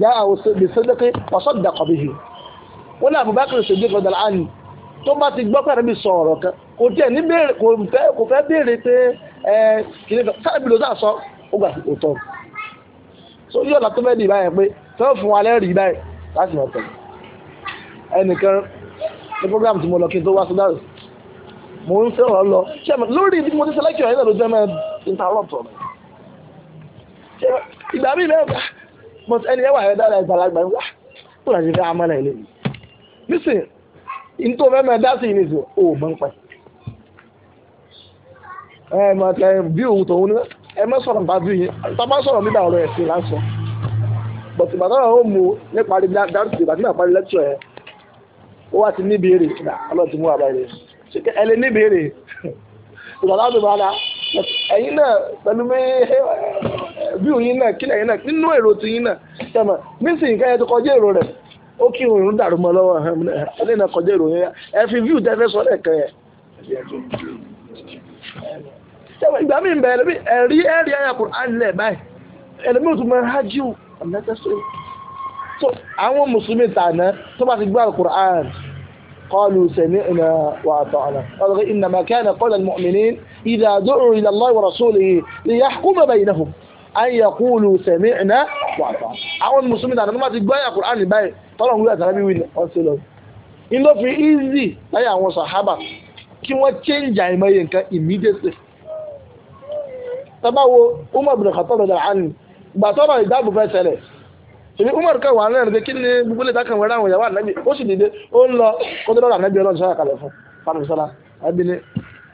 já àwọn sẹ́dẹ́kẹ́ wàsọ́dà kọ̀bìhì wọ́n ní àbúbákì sèdè kọ̀dà láàánì tó bá ti gbọ́ pẹ̀lú mi sọ ọ̀rọ̀ kan kò tiẹ̀ ní béèrè kò fẹ́ kò fẹ́ béèrè pé ẹ kìnìún kan káàbí ló sà sọ ó gbà kò tọ̀ so yóò látọ́ fẹ́ di ìbáyẹn pé fẹ́ fún alẹ́ rí báyìí láti mọ̀ tẹ̀lé ẹnìkan ní program tí mo lọ kí n tó wá sódà rẹ̀ mo ń sọ̀rọ̀ lọ lórí ibi mo ti sẹ́lẹ̀kì ọ̀rẹ́ lọ́dọ̀ mẹ́ interrupt ọ̀rọ̀ ìgbà mi lẹ́ẹ̀bà mo ẹni ẹwà rẹ̀ dára ìgbàlagbà ń wá tó lọ́ọ́ fẹ́ amọ́lẹ̀ ilé mi ntọ́ mẹ́mẹ́ dá sí ní sùn ó mọ̀ ń pẹ́. ẹ mọ̀ tẹ bí òun tòun ní ẹ mọ̀ sọ̀rọ̀ nípa bí yẹn tọ́ba sọ̀rọ̀ nípa ọ̀rọ̀ ẹ̀sìn lásán bọ̀tù bàtà náà ó mú nípa rí dáńtì bàtà náà parí lẹ́tọ̀ ẹ̀ ó wá ti níbèrè náà ọlọ́ọ̀tì mú àbáyé ẹ lè níbèrè ìgbàlá tó bá dáa ẹ̀yin náà pẹ̀lú mi bí òun yín náà kílẹ̀ yín náà nínú èrò tiyín náà tẹ̀mọ̀ mí sì ń kọjá èrò rẹ̀ ó kí òun dàrú mọ́ lọ́wọ́ ẹlẹ́ náà kọjá ìròyìn ẹ fi view tẹ́fẹ́ sọ le kan e se wa ìgbà mi bẹ̀rẹ̀ lóbi ẹ̀rí ẹ̀rí ayé àkùrọ̀ àlẹ̀ báyìí le mi ò tún mọ hájú unnecessary. so so àwọn muslimi ta na tó bá ti gbọ́ àkùrọ̀ àn قالوا سمعنا وأطعنا قال إنما كان قول المؤمنين إذا دعوا إلى الله ورسوله ليحكم بينهم أن يقولوا سمعنا وأطعنا àwọn mùsùlùmí tàná tó bá ti gbọ́ àkùrọ̀ àn báyìí tọ́lọ̀ ń gbé àtàlábí wí ni wọ́n ṣe lọ. in ló fi easy láyé àwọn sàhábà kí wọ́n change àìmọye nǹkan immediately. tábà wo Umar bin Khattab radiyallahu anhu gbà tọ́lọ̀ ìdáàbò fẹ́ ṣẹlẹ̀ èmi Umar kan wà lẹ́nu pé kí ni gbogbo lè dákan wẹ̀rẹ̀ àwọn ìyàwó ànábì ó sì dìde ó ń lọ kó tó lọ́rọ̀ ànábì ọlọ́run sọ́yà kalẹ̀ fún fanu sọ́la àbí ni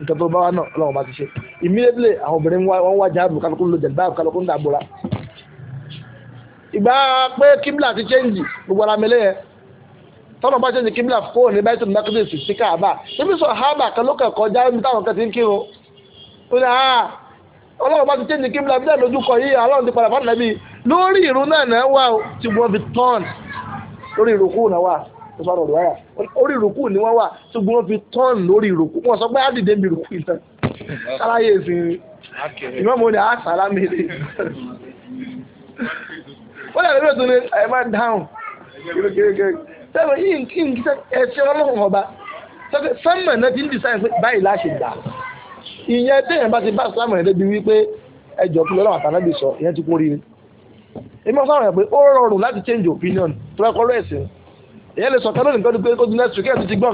nǹkan tó bá wà náà ọlọ́run bá ti ṣe immediately àwọn obìnrin wọn wá jáàbù kálukú ló jẹ̀ báàbù kálukú ń dàbò ra ìgbà pé kíbla ti chẹ́ǹjì gbogbo ara mi lẹ́yẹ tọ́nà bá chẹ́ǹjì kíbla fóònù ní bẹ́tùn mẹ́kídẹ́sì sí káàbà níbi sọ hábà kan ló kẹ̀kọ́ já níbi táwọn kẹ̀sì ń kírun ó ní àá ọlọ́run bá ti chẹ́ǹjì kíbla bí náà lójú kọ yìí ọlọ́run ti padà fáwọn ẹbí lórí ìrun náà náà wà tí wọ́n fi tọ́n lórí ìrùkù náà wà orí ìrùkù ni wọ́n wà tí wọ́n fi tọ́n lórí ìrùkù wọ́n sọ pé á bí ìrùkù ìtàn sáláyé ìsinmi ó dàbí ẹgbẹ́ òtún ẹ máa dáhùn sẹ́wọ̀n yìí kí n kíkẹ́ ẹ̀ṣẹ̀ ọlọ́run ọba sẹ́mọ̀ náà ti ń design pé báyìí láṣẹ gbà ìyẹn téèyàn bá ti bá sẹ́mọ̀ yẹn débi wípé ẹjọ́ kí lọ́wọ́ àtàlẹ́ bí sọ ìyẹn ti kún rí ni èmi ọ̀sán rẹ̀ pé ó rọrùn láti change opinion tó ẹ̀kọ́ ìyẹn lè sọ kẹ́lọ́ nìkan pé kó di next week ẹ̀ ti gbọ́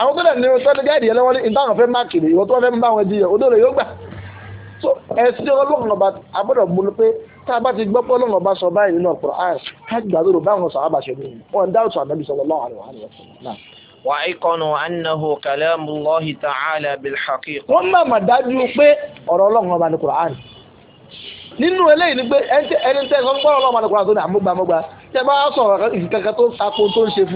àwọn tó dẹ̀ ní sọ́dọ̀ gáàdì yẹn lọ́wọ́ ní ìtàn fẹ́ máàkì rẹ̀ ìwọ́n tó fẹ́ bá wọn jiyàn odò rẹ̀ yóò gbà so ẹ̀sìn ọlọ́run ọba agbọ́dọ̀ mú ni pé tá a bá ti gbọ́ pé ọlọ́run ọba sọ báyìí nínú Al-Qur'an ká gbà lóru báwọn sọ àbàṣẹ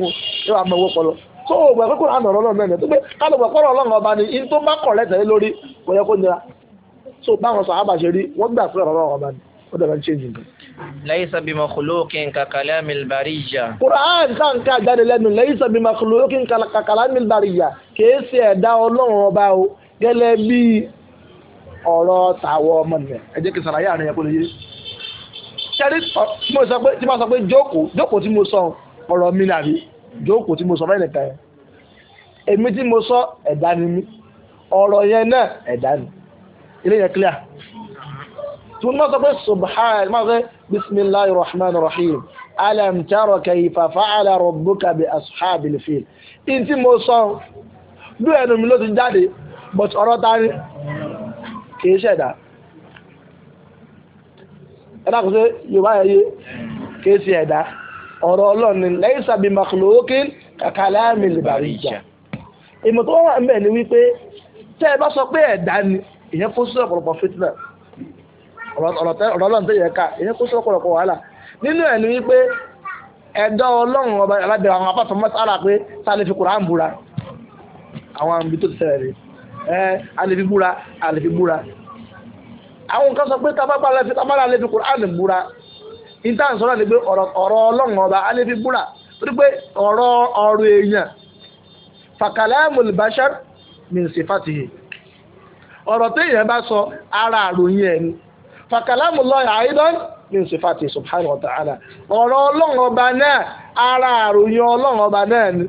mi wọn tó o gbà pé kó àná ọ̀rọ̀ náà mẹ́rin tó pé kálọ̀ gbà kọ́rọ̀ ọlọ́run ọba ni in tó má kọ̀ lẹ́tẹ̀ẹ́ lórí kò yẹ kó nira tó báwọn sọ àbá ṣe rí wọ́n gbà pé ọ̀rọ̀ ọba ni ó dẹ̀ máa ń ṣe jù. laisa bi makhluqin ka kalamil bariyya. quran kan ká jáde lẹ́nu laisa bi makhluqin ka kalamil bariyya kìí ṣe ẹ̀dá ọlọ́run ọba o gẹ́lẹ́ bí ọ̀rọ̀ tàwọ̀ ọmọ nìyẹn ẹ jẹ́ kí sàlàyé àárín yẹn kó lè yé. ṣẹ́rí tí mo sọ pé jókòó jókòó tí mo sọ ọ̀rọ̀ mi nàbí jókòó tí mo sọ fẹ́ nìkan yẹn èmi tí mo sọ ẹ̀dá ni mí ọ̀rọ̀ yẹn náà ẹ̀dá ni ilé yẹn clear tí wọ́n sọ pé subhan máa sọ bisimilahi rahman rahim alam tara kayfa fa'ala rabbuka bi ashabil fil in tí mo sọ bí ẹnu mi ló ti jáde but ọ̀rọ̀ ta ni kì ṣẹ̀dá ẹ̀dá kò sí yorùbá yẹn yé kì ṣe ẹ̀dá. ọ̀rọ̀ ọlọ́ni ni lẹ́yìn sàbí makhlukin kàkà láàmì lìbàrí ìjà ìmọ̀ tó wà ń bẹ̀ ni wípé tẹ́ ẹ bá sọ pé ẹ̀dá ni ìyẹn kó sí ọ̀pọ̀lọpọ̀ fitna ọ̀rọ̀ ọlọ́run tó yẹ ká ìyẹn kó sí ọ̀pọ̀lọpọ̀ wàhálà nínú ẹ̀ ni wípé ẹ̀dá ọlọ́run ọba alábẹ̀rẹ̀ àwọn pé àwọn àmì tó ti níta sọ̀rọ̀ ni pé ọ̀rọ̀ ọlọ́run ọba alẹ́ fi búra torí pé ọ̀rọ̀ ọ̀rọ̀ èèyàn fakalamul bashar min sifatihi ọ̀rọ̀ téèyàn bá sọ ara àròyìn ẹ̀ ni fakalamullahi aidan min sifatihi subhanahu wa ta'ala ọ̀rọ̀ ọlọ́run ọba náà ara àròyìn ọlọ́run ọba náà ni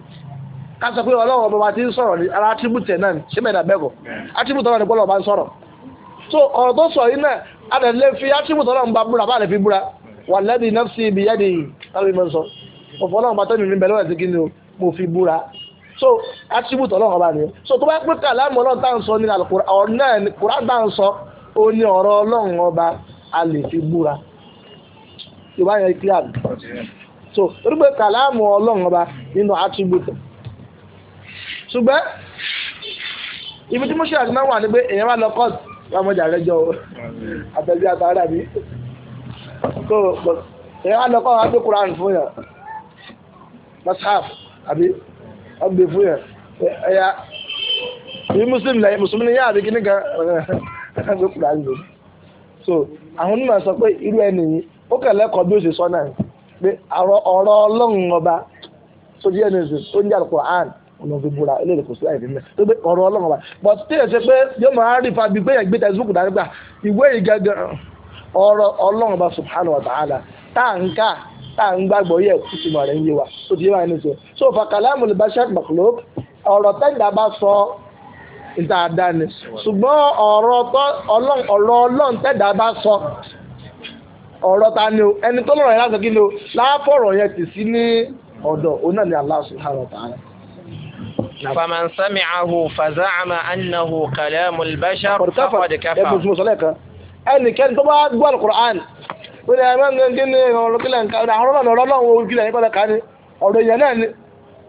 ká sọ pé ọlọ́run ọba wa ti ń sọ̀rọ̀ ní ara attribute náà ni ṣé mẹ́ta bẹ́ẹ̀ kọ́ attribute ọlọ́run ọba ń sọ̀rọ̀ so ọ̀rọ̀ tó sọ yìí náà a lè fi attribute ọlọ́run bá búra bá lè fi búra wàlẹ́bí nọ́ọ̀sì ibi yẹ́dì lábẹ́ ìmọ̀ ọ̀fọ̀ ọlọ́run bàtọ́ ìrìn bẹ̀rẹ̀ wẹ̀sì kí ni o mo fi búra so attribute ọlọ́run ọba nìyẹn so tó bá pẹ́ kàlámù ọlọ́run tá à ń sọ ní Al-Qur'an tá à ń sọ ó ní ọ̀rọ̀ ọlọ́run ọba a lè fi búra ìwà yẹn clear so torí pé kàlámù ọlọ́run ọba nínú attribute ṣùgbọ́n ibi tí mo ṣe àti náà wà ní pé èèyàn wà lọ kọ́ọ̀tù ọmọjà rẹ jọ àtẹ̀bí àtàrà mi. so èèyàn á lọ kọ́ wọn gbé Quran fún yàn mashaf àbí wọ́n gbé fún yàn ẹ̀yà bí muslim lẹ́yìn mùsùlùmí ni yá àbí kíní kan gbé Quran lò so àwọn onímọ̀ sọ pé irú ẹni yìí ó kẹ̀ lẹ́kọ̀ọ́ bí ó ṣe sọ náà pé ọ̀rọ̀ ọlọ́run tó jẹ́ ẹni tó ń jà ọ̀nà eléyìí kò sí láì tó gbé ọ̀rọ̀ but tí pé yóò máa rí fa bí yẹn gbé ah, ìwé ọ̀rọ̀ ọlọ́run bá subhanahu wa ta'ala taa à ń kà tá wa ti wa so fa kalamul bashar makhluq ọ̀rọ̀ tẹ́gbà bá sọ da ni ṣùgbọ́n ọ̀rọ̀ ọlọ́run sọ ọrọ ta ni o ẹni tó lọ́rọ̀ yẹn láti kí ni o yẹn ti sí ní náà ni Allah subhanahu wa ta'ala. فمن ẹnìkẹ́ni tó bá gbọ́ alukur'an ó ní ẹ̀rọ ní kí ni ọ̀rọ̀ kílẹ̀ nǹkan ọ̀rọ̀ àwọn ọ̀rọ̀ ọlọ́run ojú kílẹ̀ nípa ọ̀kan ni ọ̀rọ̀ ìyẹn náà ni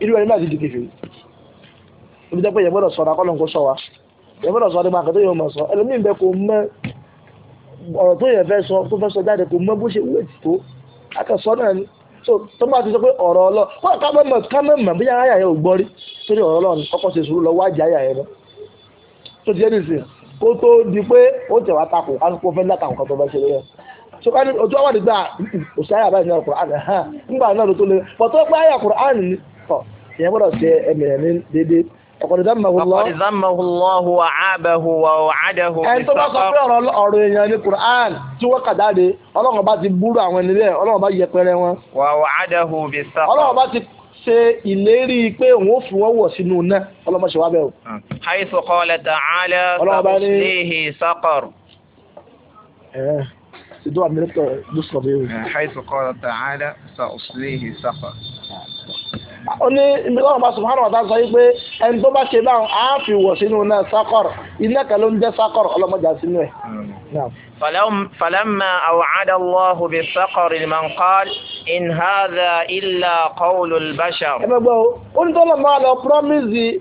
irú ẹni náà ti dìde fèrè ibi jẹ́ pé yẹn gbọ́dọ̀ sọ̀rọ̀ akọ́lọ̀ kó sọ wa yẹn gbọ́dọ̀ sọ nípa àkàtọ́ yẹn mọ̀ sọ ẹlòmíín bẹ kò mọ ọ̀rọ̀ tó yẹn fẹ́ sọ tó fẹ́ sọ jáde kò mọ bó ṣe wúwẹ̀ tó akẹ́sọ náà ni so tó bá ti sọ pé ọ̀rọ̀ ọlọ́ kó ká mọ̀ ká mọ̀ bí yàrá yà yẹn ò gbọ́rí torí ọ̀rọ̀ ọlọ́run kọ́kọ́ ṣe sùúrù lọ wájà yà yẹn lọ tó ti yẹ kó tó di pé ó tẹ̀wá takò kó fẹ́ látàkùn kan tó fẹ́ ṣe lóyún sọkà ní ojú àwọn àdìgbà òṣì àyà ní Al-Qur'an hàn nígbà náà ló tó lé pọ̀tọ́ pé àyà Al-Qur'an ni ìyẹn gbọ́dọ̀ ṣe ẹ̀mí ẹ̀mí déédéé ọ̀kọ̀dé ẹni tó bá sọ pé ọ̀rọ̀ èèyàn ní tí wọ́n kà Ọlọ́run bá ti búrú àwọn ẹni ṣe ìlérí pé òun ó fi wọ́n wọ̀ sínú náà ọlọ́mọṣẹ́ wa bẹ́ẹ̀ o. haythu qala ta'ala fa'uslihi saqar. سيدو عم نبقى نسخة بيه حيث قال تعالى سأصليه سقر ó ní ìmìlẹ̀ ọ̀rọ̀ bá subhanahu wa ta'ala sọ wípé ẹni tó bá ṣe báwọn á fi wọ̀ sínú náà sákọ̀rọ̀ iná kan ló ń jẹ́ sákọ̀rọ̀ ọlọ́mọdé sínú ẹ̀. فلم فلما أوعد الله بالصقر لمن قال إن هذا إلا قول البشر. ẹ bẹ gbọ́ ó ní tọ́lọ̀ máa lọ promise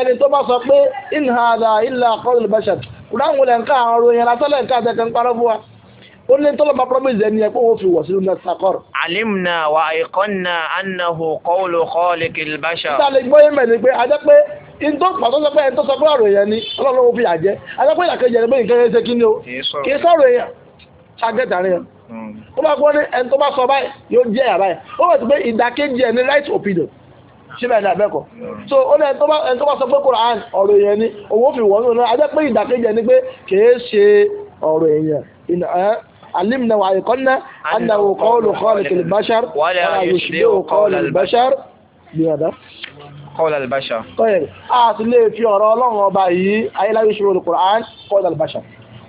ẹni tó bá sọ pé in hadha illa qawl al-bashar kùdáhùn lẹ̀ nǹkan àwọn ọ̀rọ̀ yẹn lásán lẹ̀ nǹkan àtẹ̀kẹ́ ń parọ́ fún wa ó ní tọ́lọ̀ máa promise ẹni ẹ̀ pé wọ́n fi wọ̀ sínú náà saqar. alimna wa ayqanna annahu qawlu khaliqil bashar. sísá lè gbọ́ yẹn mẹ́rin pé ajẹ́ pé ntọ́ pàtó sọ pé ntọ́ sọ pé ọ̀rọ̀ yẹn ni ọlọ́run ló fi àjẹ́ àjẹpẹ́ ìdàkejì ẹni pé nǹkan yẹn ṣe kí ni o kì í sọ̀rọ̀ yẹn ṣàgẹ́ta rẹ̀ tó bá gbọ́ ní ẹni tó bá sọ báyìí yóò jẹ́ yà báyìí ó wẹ̀ tó pé ìdàkejì ẹni right opinion ṣé bẹ́ẹ̀ ni àbẹ́kọ̀ hmm. so ó ní ẹni tó bá sọ pé Quran ọ̀rọ̀ yẹn ni òun fi wọ́n nínú àjẹpẹ́ ìdàkejì ẹni pé kì í ṣe ọ̀rọ̀ yẹn علمنا وأيقنا أنه قول خالق البشر ولا يشبه قول البشر بهذا kọ́ọ̀lá albasha. tọ́yẹ̀ a sì lè fi ọ̀rọ̀ ọlọ́run ọba yìí ayélujára ìṣòro alukur'an kọ́ọ̀lá albasha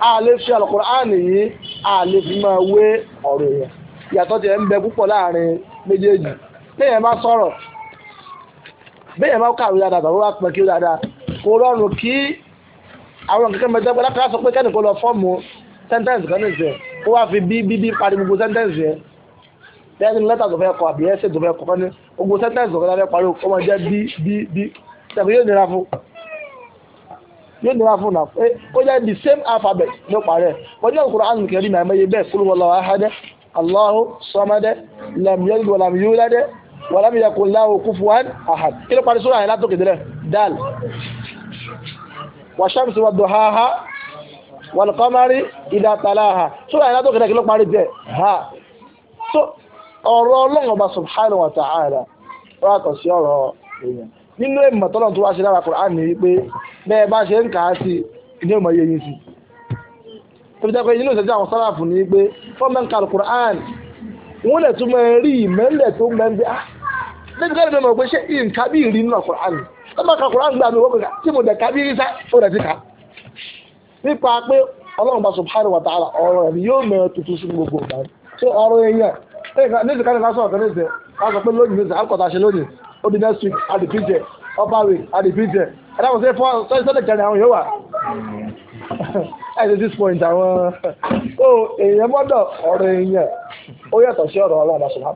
a lè fi alukur'an yìí a lè fi máa wé ọ̀rọ̀ yẹn yàtọ̀ tiẹ̀ ń bẹ púpọ̀ láàrin méjèèjì bẹ́ẹ̀ má sọ̀rọ̀ bẹ́ẹ̀ má kàwé dáadáa tàbí wá pẹ́ kí ó dáadáa kò rọrùn kí àwọn kankan mẹ́ta pẹ́ láti sọ pé kẹ́nìkan lọ fọ́ọ̀mù sẹ́ńtẹ́ǹsì kan nìyẹn tẹ́sí lẹ́tà tó fẹ́ kọ àbí ẹ́sẹ̀ tó fẹ́ kọ ní ogun sẹ́tẹ̀sì tó fẹ́ parí ó máa jẹ́ bí bí bí tẹ̀kù yóò nira fún yóò nira fún náà pé ó jẹ́ the same alphabet ló parẹ́ wọ́n jẹ́ òkúrò àrùn kẹrin náà mẹ́yẹ bẹ́ẹ̀ kúrò wọlé ahadẹ́ Allahu sọmọdẹ́ lẹ́mìyẹ́lì wọlámiyúlẹ́dẹ́ wọlámiyẹ́kùn láwọ kúfuwán ahad kí ló parí sóra yẹn látòkè dẹ́rẹ́ dal wàṣàmùsùn wà dùhàhà wàlùkọ́márì ìdàtàláhà sóra yẹn látòkè dẹ́rẹ́ kí ló parí jẹ́ ha so ọ̀rọ̀ ọlọ́run ọba subhanahu wa ta'ala ọrụ àtọ̀ sí ọ̀rọ̀ èèyàn nínú èèmọ̀ ọrụ tó wá ṣe lára Kùránì ni wípé bẹ́ẹ̀ bá ṣe ń kà á sí ìmọ̀ yìí sí tó fi jẹ́ pé nínú ìṣẹ́jú àwọn sáràfù ń ka wọ́n lè rí ìmẹ́lẹ̀ tó mẹ́ ah! mọ̀ pé ṣé bí ìrì nínú máa ka wọ́pẹ̀ tí mo dẹ̀ níbi ká ní sọ̀rọ̀ kẹ́lẹ́sì ká sọ pé lónìí níbi àkọ́tà ṣe lónìí ó di next week àdìpíjẹ upper àdìpíjẹ ẹ̀dáwọ̀n sí fọ́ sọ́dẹ̀ kẹrin àwọn yóò wà six point àwọn ó èèyàn gbọ́dọ̀ ọ̀rọ̀ èèyàn ó yàtọ̀ sí ọ̀rọ̀ ọlọ́run àṣọlá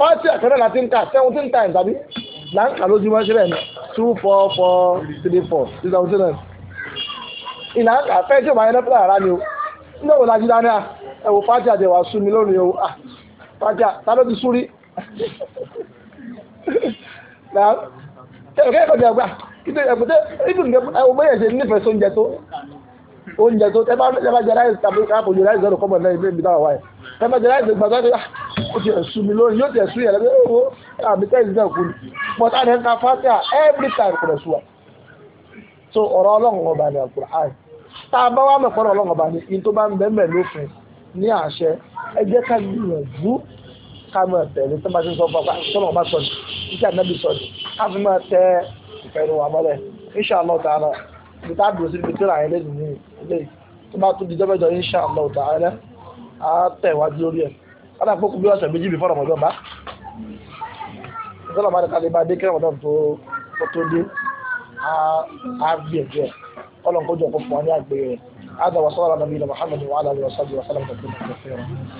fáàtì àkẹ́rẹ́ láti ń kà seven times tàbí là ń kà lójúmọ́ sílẹ̀ ní two four four three four six seven seven ìlà ń kà fẹ́ẹ́ tí ò máa yẹn lẹ́pẹ́lẹ́ àrá ni o ní òun lajú dání à ẹ̀wò fáàtì àjẹwà sú mi lónìí o pàjá tàbí ti súrí ẹ̀rọ kẹ́kọ̀ọ́ ti àgbà kíkẹ́ ẹ̀kútẹ́ ìdùn nǹkan ẹ̀wọ̀n bóyá ṣe nífẹ̀ẹ́ sí oúnjẹ tó oúnjẹ tó tẹ́ bá jẹ ráìsì tàbí káàpọ̀ jù ráìsì ọ̀rọ̀ kọ́mọ̀ náà ilé ìbí táwọn wáyé tẹ́ bá jẹ ráìsì gbà tó ah, ó ti ẹ̀sùn ah, every time kò lẹ̀ so ọ̀rọ̀ ọlọ́run ọba ni àkùrọ̀ àì tá a bá wà mẹ́kọ̀ọ́ ọlọ́run ọba ni in tó bá ń bẹ́ẹ̀ mẹ́ lófin ní àṣẹ ẹ jẹ́ ká gbìyànjú ká máa tẹ̀lé tó bá ti sọ fún wa sọ́nà ọba sọ̀dì títí ànábì sọ̀dì ká fi máa tẹ ìfẹ́ inú mọ́lẹ̀ insha Allah ta'ala ibi tá a sí ibi tí ó rà yẹn lẹ́nu ní tó bá tún di jọ́bẹ́jọ insha Allah ta'ala á tẹ̀ wá lórí ẹ̀ ọ̀nà àpòkù bí ọ̀sẹ̀ méjì bí fọ́nà ọ̀dọ́ bá ìtọ́nà bá dẹ́ka lè bá dé kí ọ̀dọ́ tó tó dé á gbìyànjú ẹ̀ ọlọ́nkójọ kó fún wa ní àgbèrè rẹ̀ هذا وصلى نبينا محمد وعلى اله وصحبه وسلم تسليما كثيرا